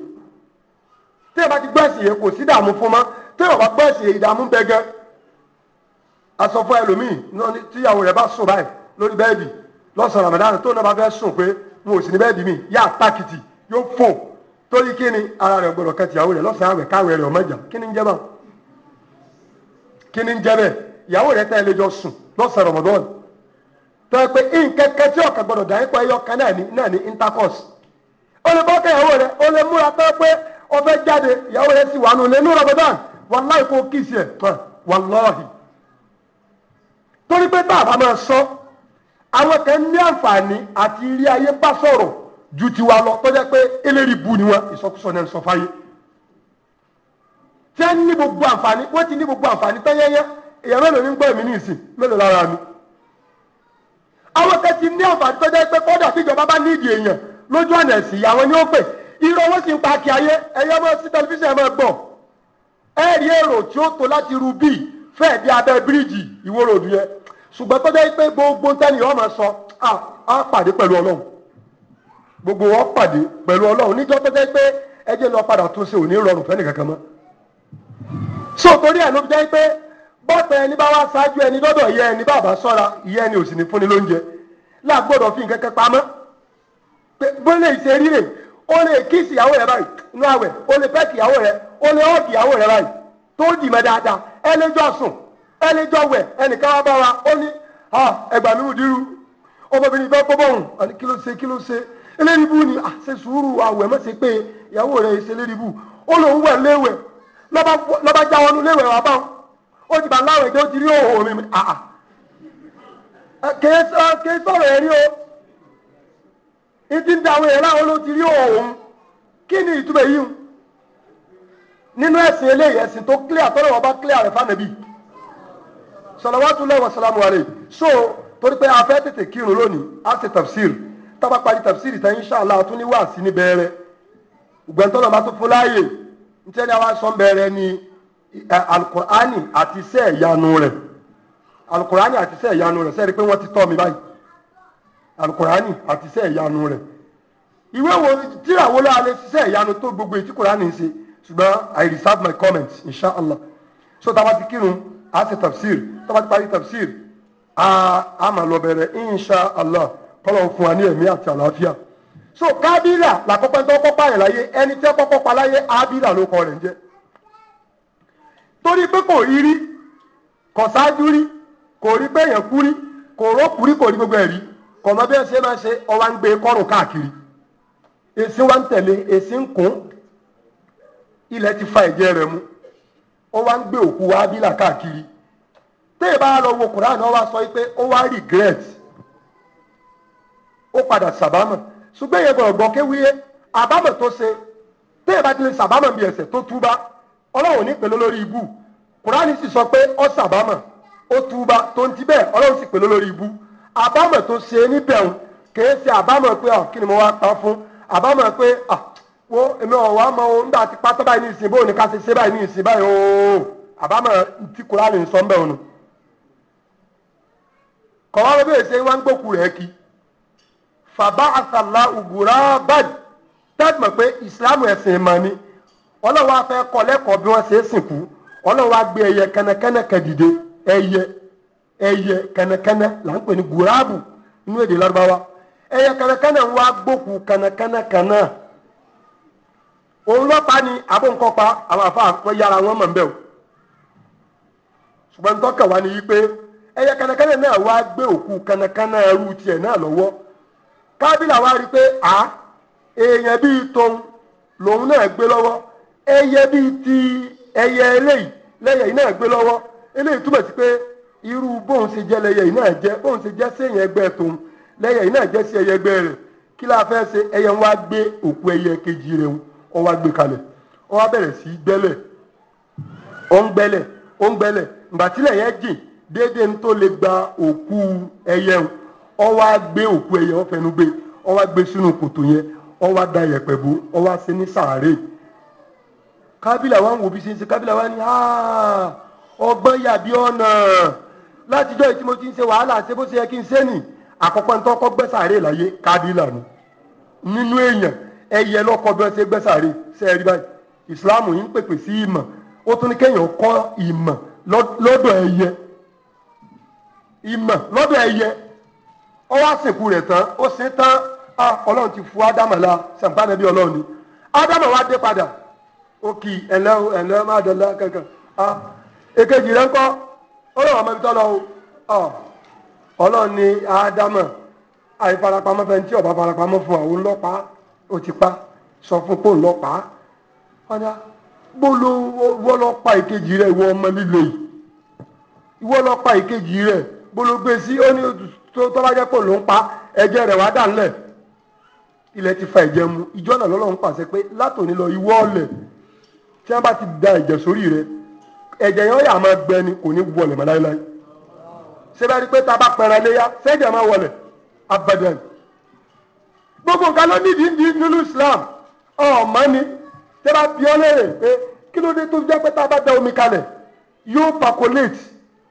tí ẹ bá ti gbọ́ ẹ̀sìn yìí kò sí dààmú fún mọ́ téèyàn bá gbọ́ ẹ̀sìn ìdààmú bẹ gan asọ̀fọ́ ẹlòmíì tíyàwó rẹ̀ bá sùn báyìí lórí bẹ́ẹ̀dì lọ́sàn-án Ramadan tó náà bá fẹ́ sùn pé mo ò sì ní bẹ́ẹ̀dì mi yá pàkìtì yóò fò torí kí ni ara rẹ̀ gbọ́dọ̀ kẹ́ tìyàwó rẹ̀ lọ́sàn-án àwẹ̀ káwẹ̀ rẹ̀ ọmọjà kí ni ń jẹ́ bá kí ni ń jẹ́ bẹ́ẹ̀ ìyàwó rẹ̀ tẹ́ ẹ lè jọ sùn lọ́sàn-án Ramadan tó yẹ pé nkẹ́kẹ́ tí ọ̀kan gbọ́dọ̀ dà ẹ́pọ̀ ẹyọ kan náà ní náà ní intercourse ó lè bọ́ kẹ́ ìyàwó rẹ̀ ó lè múra pé ó fẹ́ jáde ìyàwó rẹ̀ sì wà nù lẹ́nu Ramadan wàláì kó kíìsì ẹ̀ tán wàláì torí pé bá àbá máa sọ àwọn kan ní àǹfààní àti ilé ayé bá sọ̀rọ̀ ju tiwa lọ tó jẹ́ pé eléyìí bu ni wọn ìsọkúsọ náà ń sọ fáyé tí wọ́n ní gbogbo àǹfààní wọ́n ti ní gbogbo àǹfààní tán yẹ́yẹ́ èèyàn mélòó ní ń gbọ́ èmi ní ìsìn mélòó lára mi àwọn kan ti ní àǹfààní tó jẹ́ pé kọ́dà tíjọba bá ní ìdí èèyàn lójú ọ̀nà ẹ̀sìn àwọn ni ó pè irọ́ wọn sì ń pa kí ayé ẹ̀yọ́ mọ́ sí tẹlifíṣàn ẹ̀ gbọ́ ẹ rí èrò tí ó tó láti ru bíi bí abẹ́ bíríìjì ìwó ròdù yẹn ṣùgbọ́n tó jẹ́ gbogbo tẹ́ni yóò máa sọ á pàdé pẹ̀lú ọlọ́run gbogbo wọn pàdé pẹ̀lú ọlọ́run níjọ́ tó jẹ́ pé ẹ lọ padà tún ṣe so torí ẹ̀ ló jẹ́ pé bọ́tà ẹni bá wá ṣáájú ẹni dọ́dọ̀ ìyá ẹni bàbá sọ́ra ìyá ẹni ò sì ní fúnni lóúnjẹ fi nǹkan pamọ́ bó lè ṣe rí rè ó lè rẹ báyìí o e, ọ dị rẹ tó dì mọ́ dáadáa ẹlẹ́jọ́ sùn ẹlẹ́jọ́ wẹ̀ ẹnìkan wá bá wa ó ní ẹgbàá mi rùdírú ọmọbìnrin bá bọ́ bọ́hùn kí ló ṣe kí ló ṣe ni àṣẹ sùúrù àwẹ̀ mọ́sẹ̀ pé ìyàwó rẹ̀ ṣe eléríbù ó lòun wẹ̀ léwẹ̀ lọ́ba já léwẹ̀ wà ó ti bá ó ti rí mi àà sọ̀rọ̀ ẹ̀rí o ìdí ń da àwọn nínú ẹ̀sìn eléyìí ẹ̀sìn tó clear tọ́lọ̀ bá clear rẹ̀ fánàbí salawatullahi wa salamu so torí pé a tètè kírun lónìí a tafsir tábà parí tafsir ìtàn inshallah tún ní wáàsí ní bẹ̀rẹ̀ ìgbẹ́ntọ́lọ̀ bá tún fún láàyè nítorí ni bẹ̀rẹ̀ ni alukur'ani àti iṣẹ́ ìyanu rẹ̀ alukur'ani àti iṣẹ́ ìyanu rẹ̀ sẹ́ẹ̀rí pé wọ́n ti tọ́ mi báyìí alukur'ani àti iṣẹ́ ìyanu ṣùgbọ́n I reserve my comments inshallah so tá a bá ti kírun a ṣe tafsir tá a bá ti parí tafsir a a máa lọ bẹ̀rẹ̀ inshallah kọ́lọ̀ fún wa ní ẹ̀mí àti àlàáfíà so kábílà làkọ́pẹ́ tó kọ́pá yẹn láyé ẹni tẹ́ kọ́kọ́ pa láyé ábílà ló kọ rẹ̀ ń jẹ́ torí pé kò rí rí kò ṣáájú rí kò rí pé èèyàn kú rí kò rọ́ọ̀kú rí kò rí gbogbo ẹ̀ rí kò mọ bí wọ́n ṣe máa ṣe ọwọ́ ń gbé kọ́rùn káàkiri èsì wa ń tẹ̀lé èsì ń kún ilẹ̀ ti fa ẹ̀jẹ̀ rẹ̀ mu ó wá ń gbé òkú wa bílà káàkiri tẹ́ ẹ bá lọ wo Kùránì ó wá sọ pé ó wá regret ó padà sàbámọ̀ ṣùgbọ́n ìyẹn gbọ̀ngbọ̀n kéwìyé àbámọ̀ tó ṣe tẹ́ ẹ bá ti lè sàbámọ̀ bí ẹ̀ṣẹ̀ tó túbá Ọlọ́run ní pẹ̀lú lórí ibú Kùránì sì sọ pé ó sàbámọ̀ ó túbá tó ń ti bẹ́ẹ̀ Ọlọ́run sì pẹ̀lú lórí ibú àbámọ̀ tó ṣe níbẹ̀ kèé ṣe àbámọ̀ pé kí ni mo wá pa fún àbámọ̀ pé ah wo o nígbà tí pátá báyìí ní ìsìn bóun ní ká ni ka báyìí ní ìsìn báyìí o àbámọ̀ tí kúránì ń sọ ń bẹ̀ ònu. kọ̀wá ló bèèrè ṣe wá ń gbókù rẹ̀ kí fàbá àṣàlá ògùrá báyìí tẹ́tù mọ̀ pé ìsìlámù ẹ̀sìn ìmọ̀ ni ọlọ́wọ́ afẹ́ kọ́ lẹ́kọ̀ọ́ bí wọ́n ṣe é sìnkú ọlọ́wọ́ agbé ẹyẹ kẹ́nẹ́kẹ́nẹ́ kẹ́dìde ẹyẹ ẹyẹ òun lọ́pàá ni àbò nǹkan pa àwọn àfa àpọ̀ yára wọn mọ̀ nbẹ́ o ṣùgbọ́n nǹkan ni yí pé ẹyẹ kànákànná náà wá gbé òkú kànákànná ẹrú tiẹ̀ náà lọ́wọ́ kábílà wa rí i pé a èèyàn bíi tóun lòun náà gbé lọ́wọ́ ẹyẹ bíi ti ẹyẹ eléyìí lẹ́yẹ yìí náà gbé lọ́wọ́ eléyìí túmọ̀ sí pé irú bóun ṣe jẹ́ lẹ́yẹ yìí náà jẹ́ bóun ṣe jẹ́ ẹgbẹ́ lẹ́yẹ yìí náà jẹ́ sí ẹgbẹ́ rẹ̀ kí la fẹ́ ṣe ẹyẹ ó wá gbé kalẹ̀ ó wá bẹ̀rẹ̀ sí gbẹ́lẹ̀ ó ń gbẹ́lẹ̀ ó ń gbẹ́lẹ̀ ìgbàtílẹ̀ yẹn jìn déédéé ń tó lè gba òkú ẹyẹ o ó wá gbé òkú ẹyẹ ó fẹnu gbé ó wá gbé sínú kòtò yẹn ó wá da yẹ̀pẹ̀ bò ó wá sí ní sàárè kábílà wa ń wo bí ṣe ń ṣe kábílà wa ní ọgbọ́n yàbí ọ̀nà látijọ́ tí mo ti ń ṣe wàhálà ṣe bó ṣe yẹ kí n ṣe nì àkọ́kọ́ ń tọ́kọ́ gbẹ́sàárè láyé kábílà ni nínú èèyàn ẹyẹ lọ́kọ́ bí wọ́n ṣe gbẹ́sàárè ṣe é rí báyìí ìsìláàmù yìí ń pèpè sí ìmọ̀ ó tún ní kéèyàn kọ́ ìmọ̀ lọ́dọ̀ ẹyẹ ìmọ̀ lọ́dọ̀ ẹyẹ ó wá sìnkú rẹ̀ tán ó sin tán á ọlọ́run ti fu ádámà la ṣàǹpánà bí ọlọ́run ni ádámà wá dé padà ó kì í ẹ̀lẹ́ o ẹ̀lẹ́ má dọ̀lá kankan á èkejì rẹ̀ ń kọ́ ọlọ́run ọmọ ibi tọ́ lọ o ọlọ́run ni ádámà àìfarapamọ́ fẹ́ ní tí ọba farapamọ́ fún àwọn ọlọ́pàá ó ti pa sọ fún pò ń lọ pa á ọ̀dà bó ló wọ́ lọ pa ìkejì rẹ̀ ìwọ ọmọ líle yìí ìwọ lọ pa ìkejì rẹ̀ bó ló gbé sí ó ní tó bá jẹ́ pò ló ń pa ẹ̀jẹ̀ rẹ̀ wá dà ńlẹ̀ ilẹ̀ ti fa ẹ̀jẹ̀ mu ìjọ náà lọ́lọ́run pàṣẹ pé látòní lọ ìwọ ọ̀lẹ̀ tí wọ́n bá ti da ẹ̀jẹ̀ sórí rẹ̀ ẹ̀jẹ̀ yẹn ó yà máa gbẹ ni kò ní wọlé mọ́ láéláé ṣé bá rí pé tá bá pẹran léyà ṣẹ́jẹ̀ máa wọlé abadan gbogbo nǹkan ló nídìí ní nínú Islam ọ̀mọ́ ni jẹ́ra bí ọ́ léèrè pé kí ló dé tó jẹ́ pé tá a bá da omi kalẹ̀ yóò percolate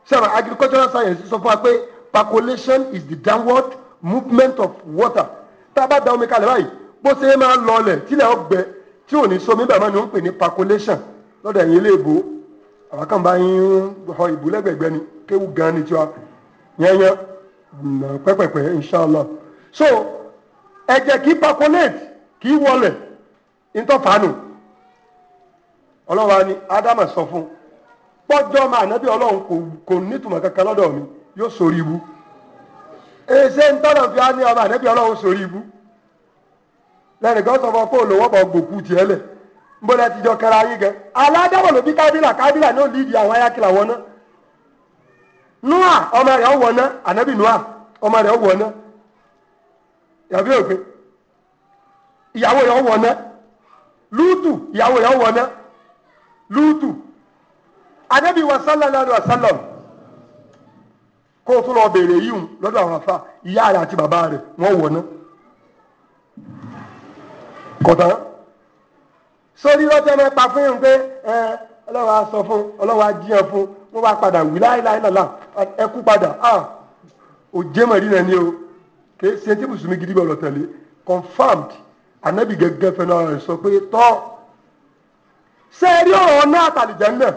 sẹ́wọ̀n agricultural science sọ fún wa pé percolation is the downward movement of water tá a bá da omi kalẹ̀ báyìí bó ṣe máa ń lọlẹ̀ tílẹ̀ ọgbẹ tí ò ní somi bàmá ni ó ń pè ní percolation lọ́dọ̀ ẹ̀yin ilé ìbò àwọn kan bá yín ọ ìbò lẹ́gbẹ̀gbẹ́ ni kéwù gan ni tiwa yẹn yẹn pẹ́pẹ́pẹ́ inshallah so. ẹ̀jẹ̀ kì í percolate kì í wọlẹ̀ ntọ́fàánù ọlọ́run wa ni ádámà sọ fún pọ́jọ́ máa nábì ọlọ́run kò nítumọ̀ kankan lọ́dọ̀ mi yóò sórí ibu èsè ntọ́nà fi á ní ọmọ ànábì ọlọ́run ibu lẹ́nu sọ fún ọ kó lówó bọ̀ gbòkú tiẹ̀ lẹ̀ nbọ́dọ̀ ti jọ kẹra gẹ kábílà kábílà àwọn yàbí òpin ìyàwó rẹ̀ wọ̀ ná lúùtù ìyàwó rẹ̀ wọ̀ ná lúùtù anábì wa sálàlánà sálàm kó o tún lọ bèèrè yìí lọ́dọ̀ àwọn afá ìyá rẹ̀ àti bàbá rẹ̀ wọ́n wọ̀ ná kọ̀tàn sórí lọ́tẹ́ máa pa fún yín pé ọlọ́wà sọ fún ọlọ́wà jíyàn fún wọ́n wá padà wí láéláé ẹkú padà ah, òjé mọ̀rí rẹ̀ ni o ṣe tí mùsùlùmí gidi bẹ̀rẹ̀ tẹ̀lé confirmed anabi gẹ́gẹ́ fẹ́nu ara rẹ̀ sọ pé tọ́ ṣé ẹ rí ọ̀rọ̀ náà àtàlìjẹ́ náà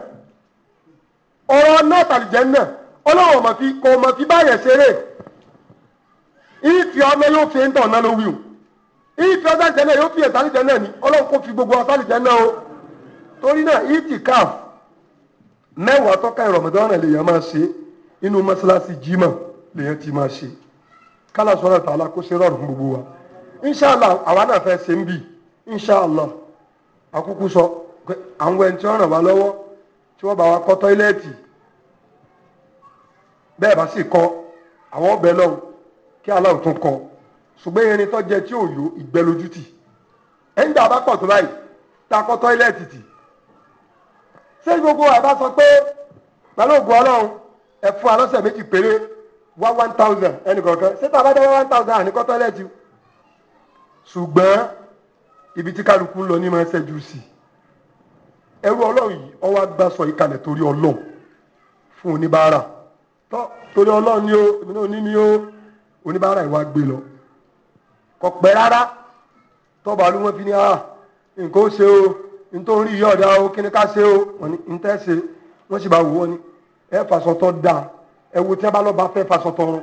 ọ̀rọ̀ náà àtàlìjẹ́ náà ọlọ́wọ́ ọmọ fi kọ ọmọ fi báyẹ̀ ṣeré ìfì ọmọ yóò fi ń tàn náà o ìfì ọmọ ìjẹ́ náà yóò fi ẹ̀sálìjẹ́ náà ni ọlọ́run kò fi gbogbo ọ̀sálìjẹ́ náà o torí náà ìtì káf mẹ́wàá tọ́ka ìrọ̀mọ̀dọ́rùn lèèyàn máa ṣe inú mọ́ṣáláṣí jimá lèèyàn ti máa ṣe kálá sọ̀rọ̀ tààlà kó ṣe rọrùn fún gbogbo wa inṣàlá àwa náà fẹ́ ṣe ń bì inṣàlá àkúkú sọ àwọn ẹni tí wọ́n ràn wá lọ́wọ́ tí wọ́n bá wa kọ́ tọ́ílẹ̀tì bẹ́ẹ̀ bá sì kọ́ àwọn ọbẹ̀ lọ́hùn kí aláwọ̀ tún kọ́ ṣùgbọ́n irin tó jẹ tí òyò ìgbẹ́ lójú tì ẹ̀ ń bá pọ̀ tó báyìí tá a kọ́ tọ́ílẹ̀tì tì ṣé gbogbo àbá sọ pé pẹ̀lú ògùn ọlọ́run ẹ̀fún alọ́sẹ̀ méjì péré wá one thousand ẹnì kọ̀ọ̀kan ṣé tá a bá dẹ́rẹ́ one thousand àní kọ́ tọ́lẹ́tì ṣùgbọ́n ibi tí kálukú ń lọ ní máa ń ṣẹ́jú sí i ẹrú ọlọ́run yìí ọwọ́ agbásọ ìkàlẹ̀ torí ọlọ́run fún oníbàárà tọ́ torí ọlọ́run ni ó èmi náà ní ni ó oníbàárà ìwà gbé lọ kò pẹ́ rárá tọ́ba ló wọ́n fi ní ah nǹkan ó ṣe o nítorí yọ̀ọ̀dá o kí ni ká ṣe o wọ́n ní ní tẹ́ ṣe wọ́n sì bá wù wọ́n ní ẹ fàṣọ tó dáa ẹ wo tí a bá lọ bá fẹ́ fasọ tọrọ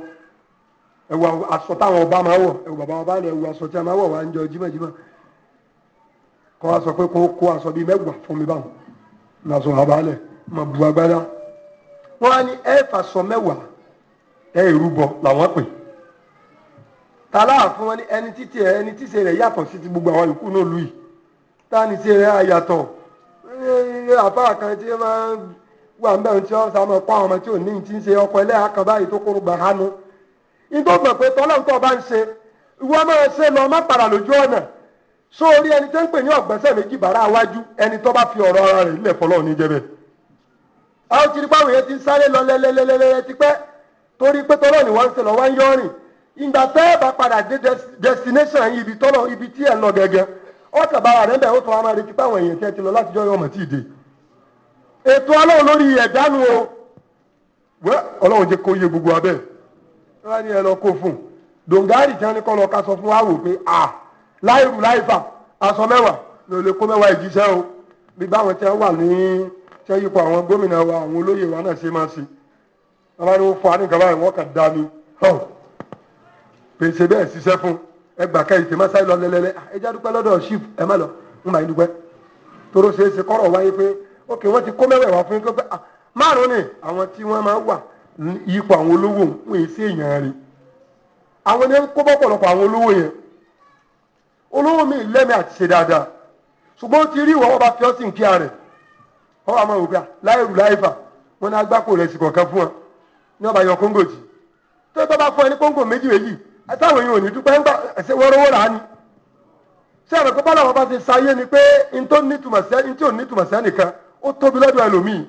ẹ wo aṣọ táwọn ọba máa wọ̀ ẹ wo bàbá ọba ni ẹ wo aṣọ tí a máa wọ̀ wá ń jọ jímọ̀jímọ̀ kọ́ a sọ pé kó kó aṣọ bíi mẹ́wàá fún mi báwọn lásọ àbálẹ̀ mà bu agbádá wọ́n á ní ẹ fasọ mẹ́wàá ẹ ìrúbọ làwọn pè tàlà fún wọn ní ẹni títí ẹ ẹni títí rẹ yàtọ̀ sí ti gbogbo àwọn ìkú náà lù yìí táà ní tí rẹ àyàtọ̀ àfáà kan tí wọ́n máa ń wà ń bẹ̀rù tí wọ́n sá mọ̀ kó ọmọ tí ò ní ti ń ṣe ọkọ ẹlẹ́yà kan báyìí tó kóró gbà hánu. ìgbó pé tọ́lọ́run tó bá ń ṣe ìwọ máa ṣe lọ má para lójú ọ̀nà sórí ẹni tó ń pè ní ọ̀gbẹ́sẹ̀ méjì bàrà wájú ẹni tó bá fi ọ̀rọ̀ ara rẹ̀ nílẹ̀ fọlọ́run ní ètò ọlọ́run lórí ẹ̀dánu o wẹ́ ọlọ́run jẹ́ kó yé gbogbo abẹ́ wọ́n á ní ẹ lọ kó fún un dòǹgárì jẹ́ ní kọ́ lọ ká sọ fún wa wò pé à láì rù láì fà aṣọ mẹ́wàá ní olè kó mẹ́wàá ìjíṣẹ́ o bí báwọn tẹ́ wà ní tẹ́ yípo àwọn gómìnà wa àwọn olóyè wa náà ṣe máa ṣe wọ́n bá ní wọ́n fọ àníkàn báyìí wọ́n kàn dá mi hàn pèsè bẹ́ẹ̀ ṣiṣẹ́ fún ẹgbà kẹ́yìn tèmá sáyé lọ lẹ́lẹ́lẹ́ ẹ jẹ́ àdúpẹ́ lọ́dọ̀ ṣíf ẹ má lọ ń bá yín dúpẹ́ toró ṣeé ṣe kọ́rọ̀ wáyé pé ok wọ́n ti kó mẹ́wàá wá fún yín pé ah, márùn ni àwọn tí wọ́n máa wà yípo àwọn olówó wọn èyí èèyàn rẹ̀ àwọn ni kó bọ́pọ̀lọpọ̀ àwọn olówó yẹn olówó mi lẹ́mìí àti ṣe dáadáa ṣùgbọ́n ó ti rí ìwà ọba fi ọ́ sí nkíá rẹ̀ ọ àmọ́ òkúta ah, láìrù láìfà wọn ní agbáko rẹ̀ sì kọ̀ọ̀kan fún ọ ní ọba yọ kóńgò jì tó tọ́ bá fún ẹ ní kóńgò méjì méjì àtàwọn èèyàn ò ní dúpẹ́ ń gbà wọ́n rówó rà á ni ṣé àrùn pípa làwọn bá ti ṣayé ni pé ntó nítumọ̀ sẹ́ ntí ò nítumọ̀ sẹ́ nìkan ó tóbi lọ́dọ̀ ẹlòmíì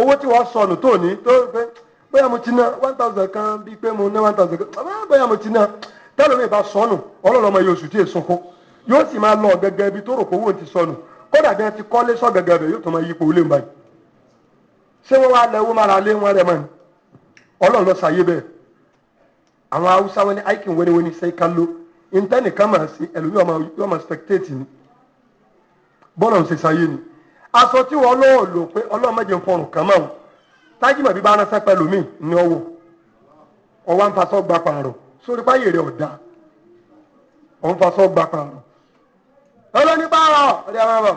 owó tí wọ́n sọnù tó ní tó pé bóyá mo ti one thousand kan bíi pé mo ná one thousand kan bóyá mo ti ná tẹ́lómìí bá sọnù ọlọ́run ọmọ yóò sùn tí èso si yóò sì máa lọ gẹ́gẹ́ bí tó rò pé owó ti sọnù kódà ti sọ gẹ́gẹ́ bẹ̀ yóò tó máa yípo ilé ń báyìí ṣé wọ́n wá lẹ́wọ́ mára lé wọn rẹ̀ mọ́ni ọlọ́run lọ sàyé bẹ́ẹ̀ àwọn aikin ṣe ká ló máa ṣe ẹlòmíì ọmọ spectate ni bọ́ọ̀lù ṣe sàyé aṣọ tí wọ́n lọ́wọ́ lò pé ọlọ́run má jẹ́ ń fọrùn kàn máa ń tájìmọ̀ bí bá ránṣẹ́ pẹ̀lú mi ní ọwọ́ ọwọ́ ń fasọ́ gba pààrọ̀ sórí báyè rẹ̀ ọ̀dà ọ̀ ń fasọ́ gba pààrọ̀ ọlọ́ni pààrọ̀ ọ̀dẹ̀ àmàmà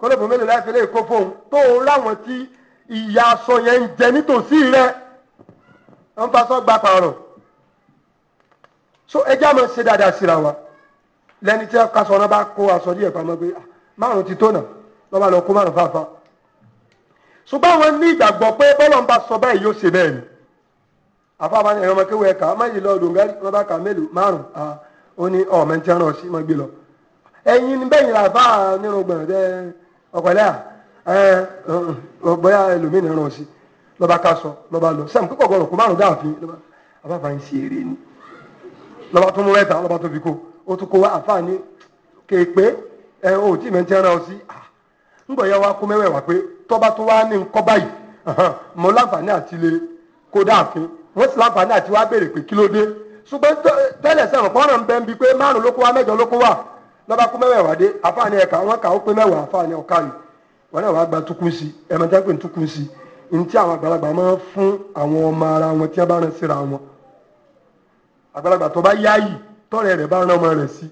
kọ́lẹ́bù mélòó láti lè kó fóun tó o láwọn tí ìyá aṣọ yẹn ń jẹ nítòsí rẹ ọ̀ ń fasọ́ gba pààrọ̀ so ẹjẹ́ àmọ́ ṣe dáadáa síra wa lẹ́ni tí aṣọ náà bá kó aṣọ díẹ̀ pamọ́ pé ah márùn ti tó náà lọ́ba lọ kó márùn fáfá ṣùgbọ́n àwọn ní ìgbàgbọ́ pé bọ́lọ̀ ń bá sọ báyìí yóò ṣe bẹ́ẹ̀ ni àfáàbá ni ẹ̀rọ ẹ̀ka máyì lọ kà mélòó márùn ó ní ọmọ ẹni gbé ni bẹ́yìn làbá nínú gbọ̀ngàn ọ̀pẹ̀lẹ́ à lọ́ba ká sọ lọ́ba lọ kíkọ̀ ẹ ò tí mi ti rán ọ sí ah, ńgbọ̀ yẹn wá kó mẹ́wẹ̀ẹ́ wá pé tọ́ba tó wá ní nǹkan báyìí mo láǹfààní àti lè kó dáàfin wọ́n sì láǹfààní àti wá béèrè pé kí ló dé ṣùgbọ́n tẹ́lẹ̀ sẹ́wọ̀n fọ́nrán bẹ́ẹ̀ bíi pé márùn ló kó wá mẹ́jọ ló kó wá lọ́ba kó mẹ́wẹ̀ẹ́ wá dé àfààní ẹ̀ka wọn kà ó pé mẹ́wàá àfààní ọ̀ka náà wá gba sí ń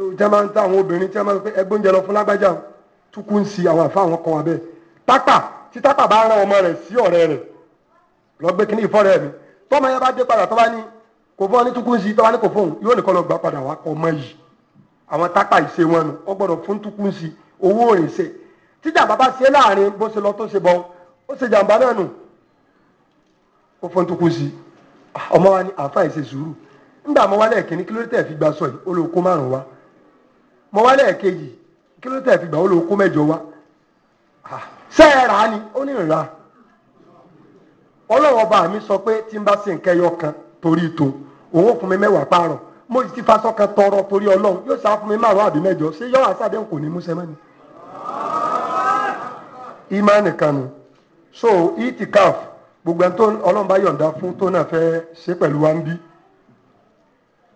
tí wọ́n máa ń ta àwọn obìnrin tí wọ́n máa ń pẹ́ ẹgbẹ́ oúnjẹ lọ fún lágbájá tukú ń si àwọn àfa àwọn kan wà bẹ́ẹ̀ tápà tí tápà bá rán ọmọ rẹ̀ sí ọ̀rẹ́ rẹ̀ lọ́gbẹ́ kí ní ìfọ́rẹ́ mi tọ́mọ yẹn bá dé padà tọ́ba ní kò fún ọ ní tukú ń si tọ́ba ní kò fún òun yóò nìkan lọ gbà padà wá kọ́ ọmọ yìí àwọn tápà ìṣe wọn nù ọ gbọ́dọ̀ fún tukú ń si owó òrìn ṣe tíjà bàbá ṣe láàrin bó ṣe lọ tó ṣe bọ ó ṣe jàǹbá náà nù ó fún tukú ń si ah, ọmọ wa ní àfa ìṣe sùúrù ńgbà mọ wálẹ̀ kìnní kí ló dé tẹ̀ fi gbà sọ yìí ó lè kó márùn-ún wa mo wá lẹ́ẹ̀kejì kí ló tẹ̀ fi gbà ó lò kó mẹ́jọ wá ṣé ẹ rà á ni ó ní ìrà ọlọ́wọ́ ọba mi sọ pé tí n bá ṣe nǹkan ẹyọ kan torí tó òun fún mi mẹ́wàá pààrọ̀ mo ti fa sọ́kan tọrọ torí ọlọ́run yóò sá fún mi márùn àbí mẹ́jọ ṣé yọ àṣàdé kò ní mú sẹ́mẹ́ni. ìmọ̀ nìkan nu so itikaf gbogbo ẹni tó ọlọ́run bá yọ̀ǹda fún tó náà fẹ́ ṣe pẹ̀lú wa ń bí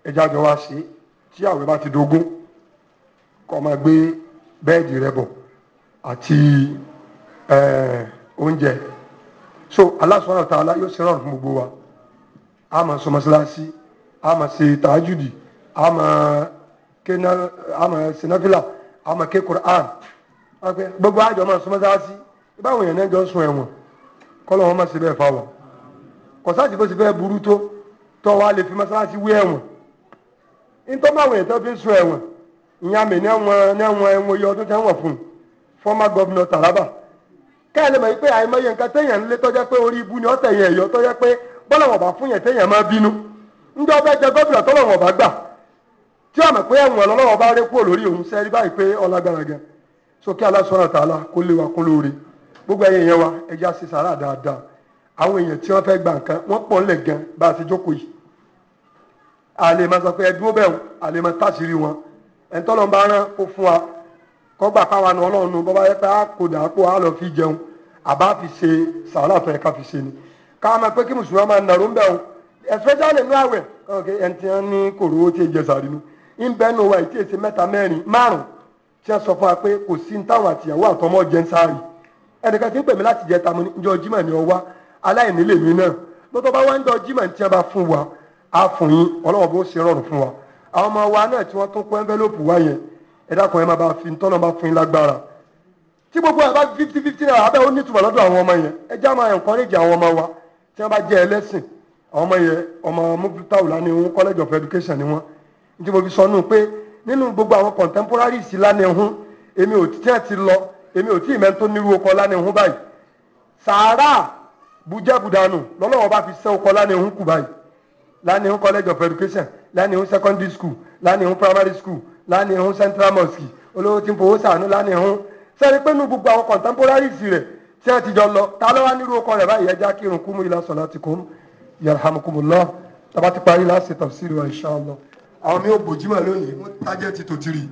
ẹja jọ wá ṣe tí àwẹ̀ bá ti dógún. kọ́ máa gbé bẹ́ẹ̀dì rẹ bọ̀ àti oúnjẹ so Allah subhanahu wa ta'ala yóò ṣe rọrùn fún gbogbo wa a máa sọ mọ́ṣáláṣí a máa ṣe tàájùdì a máa ké ná a máa ṣe náfìlà a máa ké Qur'an gbogbo àjọ máa sọ mọ́ṣáláṣí báwọn èèyàn náà jọ sùn ẹ̀wọ̀n kọ́ lọ́wọ́ máa ṣe bẹ́ẹ̀ fáwọn kọ̀sáàtì bó ṣe fẹ́ burú tó tọ́ wa lè fi mọ́ṣáláṣí wé ẹ̀wọ̀n nítorí báwọn èèyàn tó fi ń sùn ẹ̀wọ̀n nyame ní àwọn ní àwọn ẹwọn iye ọdún tí wọn fún former gọvnọ Taraba káyọ̀lẹ́ mọ̀ pé àìmọye nǹkan téèyàn ń lé tọ́jọ́ pé orí ibu ni ọ̀tẹ̀ yẹn ẹ̀yọ́ ya pé bọ́lá wọn bá fún yẹn téèyàn máa bínú ńjọ́ bẹ́ẹ̀ jẹ gọ́vnọ̀ tọ́lọ̀ wọn gan wa kún lóore gbogbo wa àwọn èèyàn tí gba nǹkan ti jókòó yìí ẹ̀ńtọ́lọ́n bá rán fún wa kọ́gbà káwa nu ọlọ́run nu bọ́bá yẹ pé a kò dà a lọ fi jẹun àbá fi ṣe ṣe ni ká máa pé kí mùsùlùmí máa nàró ń bẹ̀ o especially nínú àwẹ̀ tí wọ́n ní kòrò jẹ sàrí nu ń bẹ́ nu wa mẹ́ta mẹ́rin márùn tí sọ fún wa pé kò sí táwọn àwọn ọmọ wa náà tí wọ́n tún kó envelope wá yẹn ẹ dákun ẹ máa bá fi tọ́nà bá fún yín lágbára tí gbogbo ẹ bá fifty fifty naira abẹ́ ó ní ìtumọ̀ lọ́dọ̀ àwọn ọmọ yẹn ẹ já máa encourage àwọn ọmọ wa tí wọ́n bá jẹ́ ẹlẹ́sìn àwọn ọmọ yẹn ọmọ mufitawula ni wọn college of education ni wọn ní tí mo fi sọ nù pé nínú gbogbo àwọn contemporaries lánàá ẹ̀hún èmi ò tí ẹ̀ ti lọ èmi ò tí ì mẹ́tò nírú ọkọ lánàá ẹ̀hún báyìí sàárà bùjẹ́bùdánù lọ́lọ́wọ́ bá fi sẹ́ ọkọ lánàá ẹ̀hún kù báyìí lánàá ẹ̀hún college of education lánìí ń secondary school lánìí ń primary school lánìí ń central mosque olówó tí ń fowó sànú lánìí ń sẹ́ni pé nu gbogbo àwọn contemporaries rẹ̀ tí wọ́n ti jọ lọ ta ló wá nírú ọkọ rẹ̀ báyìí ẹja kírun kúmú ilá salatikum yarhamukumullah tàbá ti parí láti tafsiri wa insha Allah àwọn mi ò bòjúmọ̀ lónìí wọ́n tájẹ́ ti tò tìrì.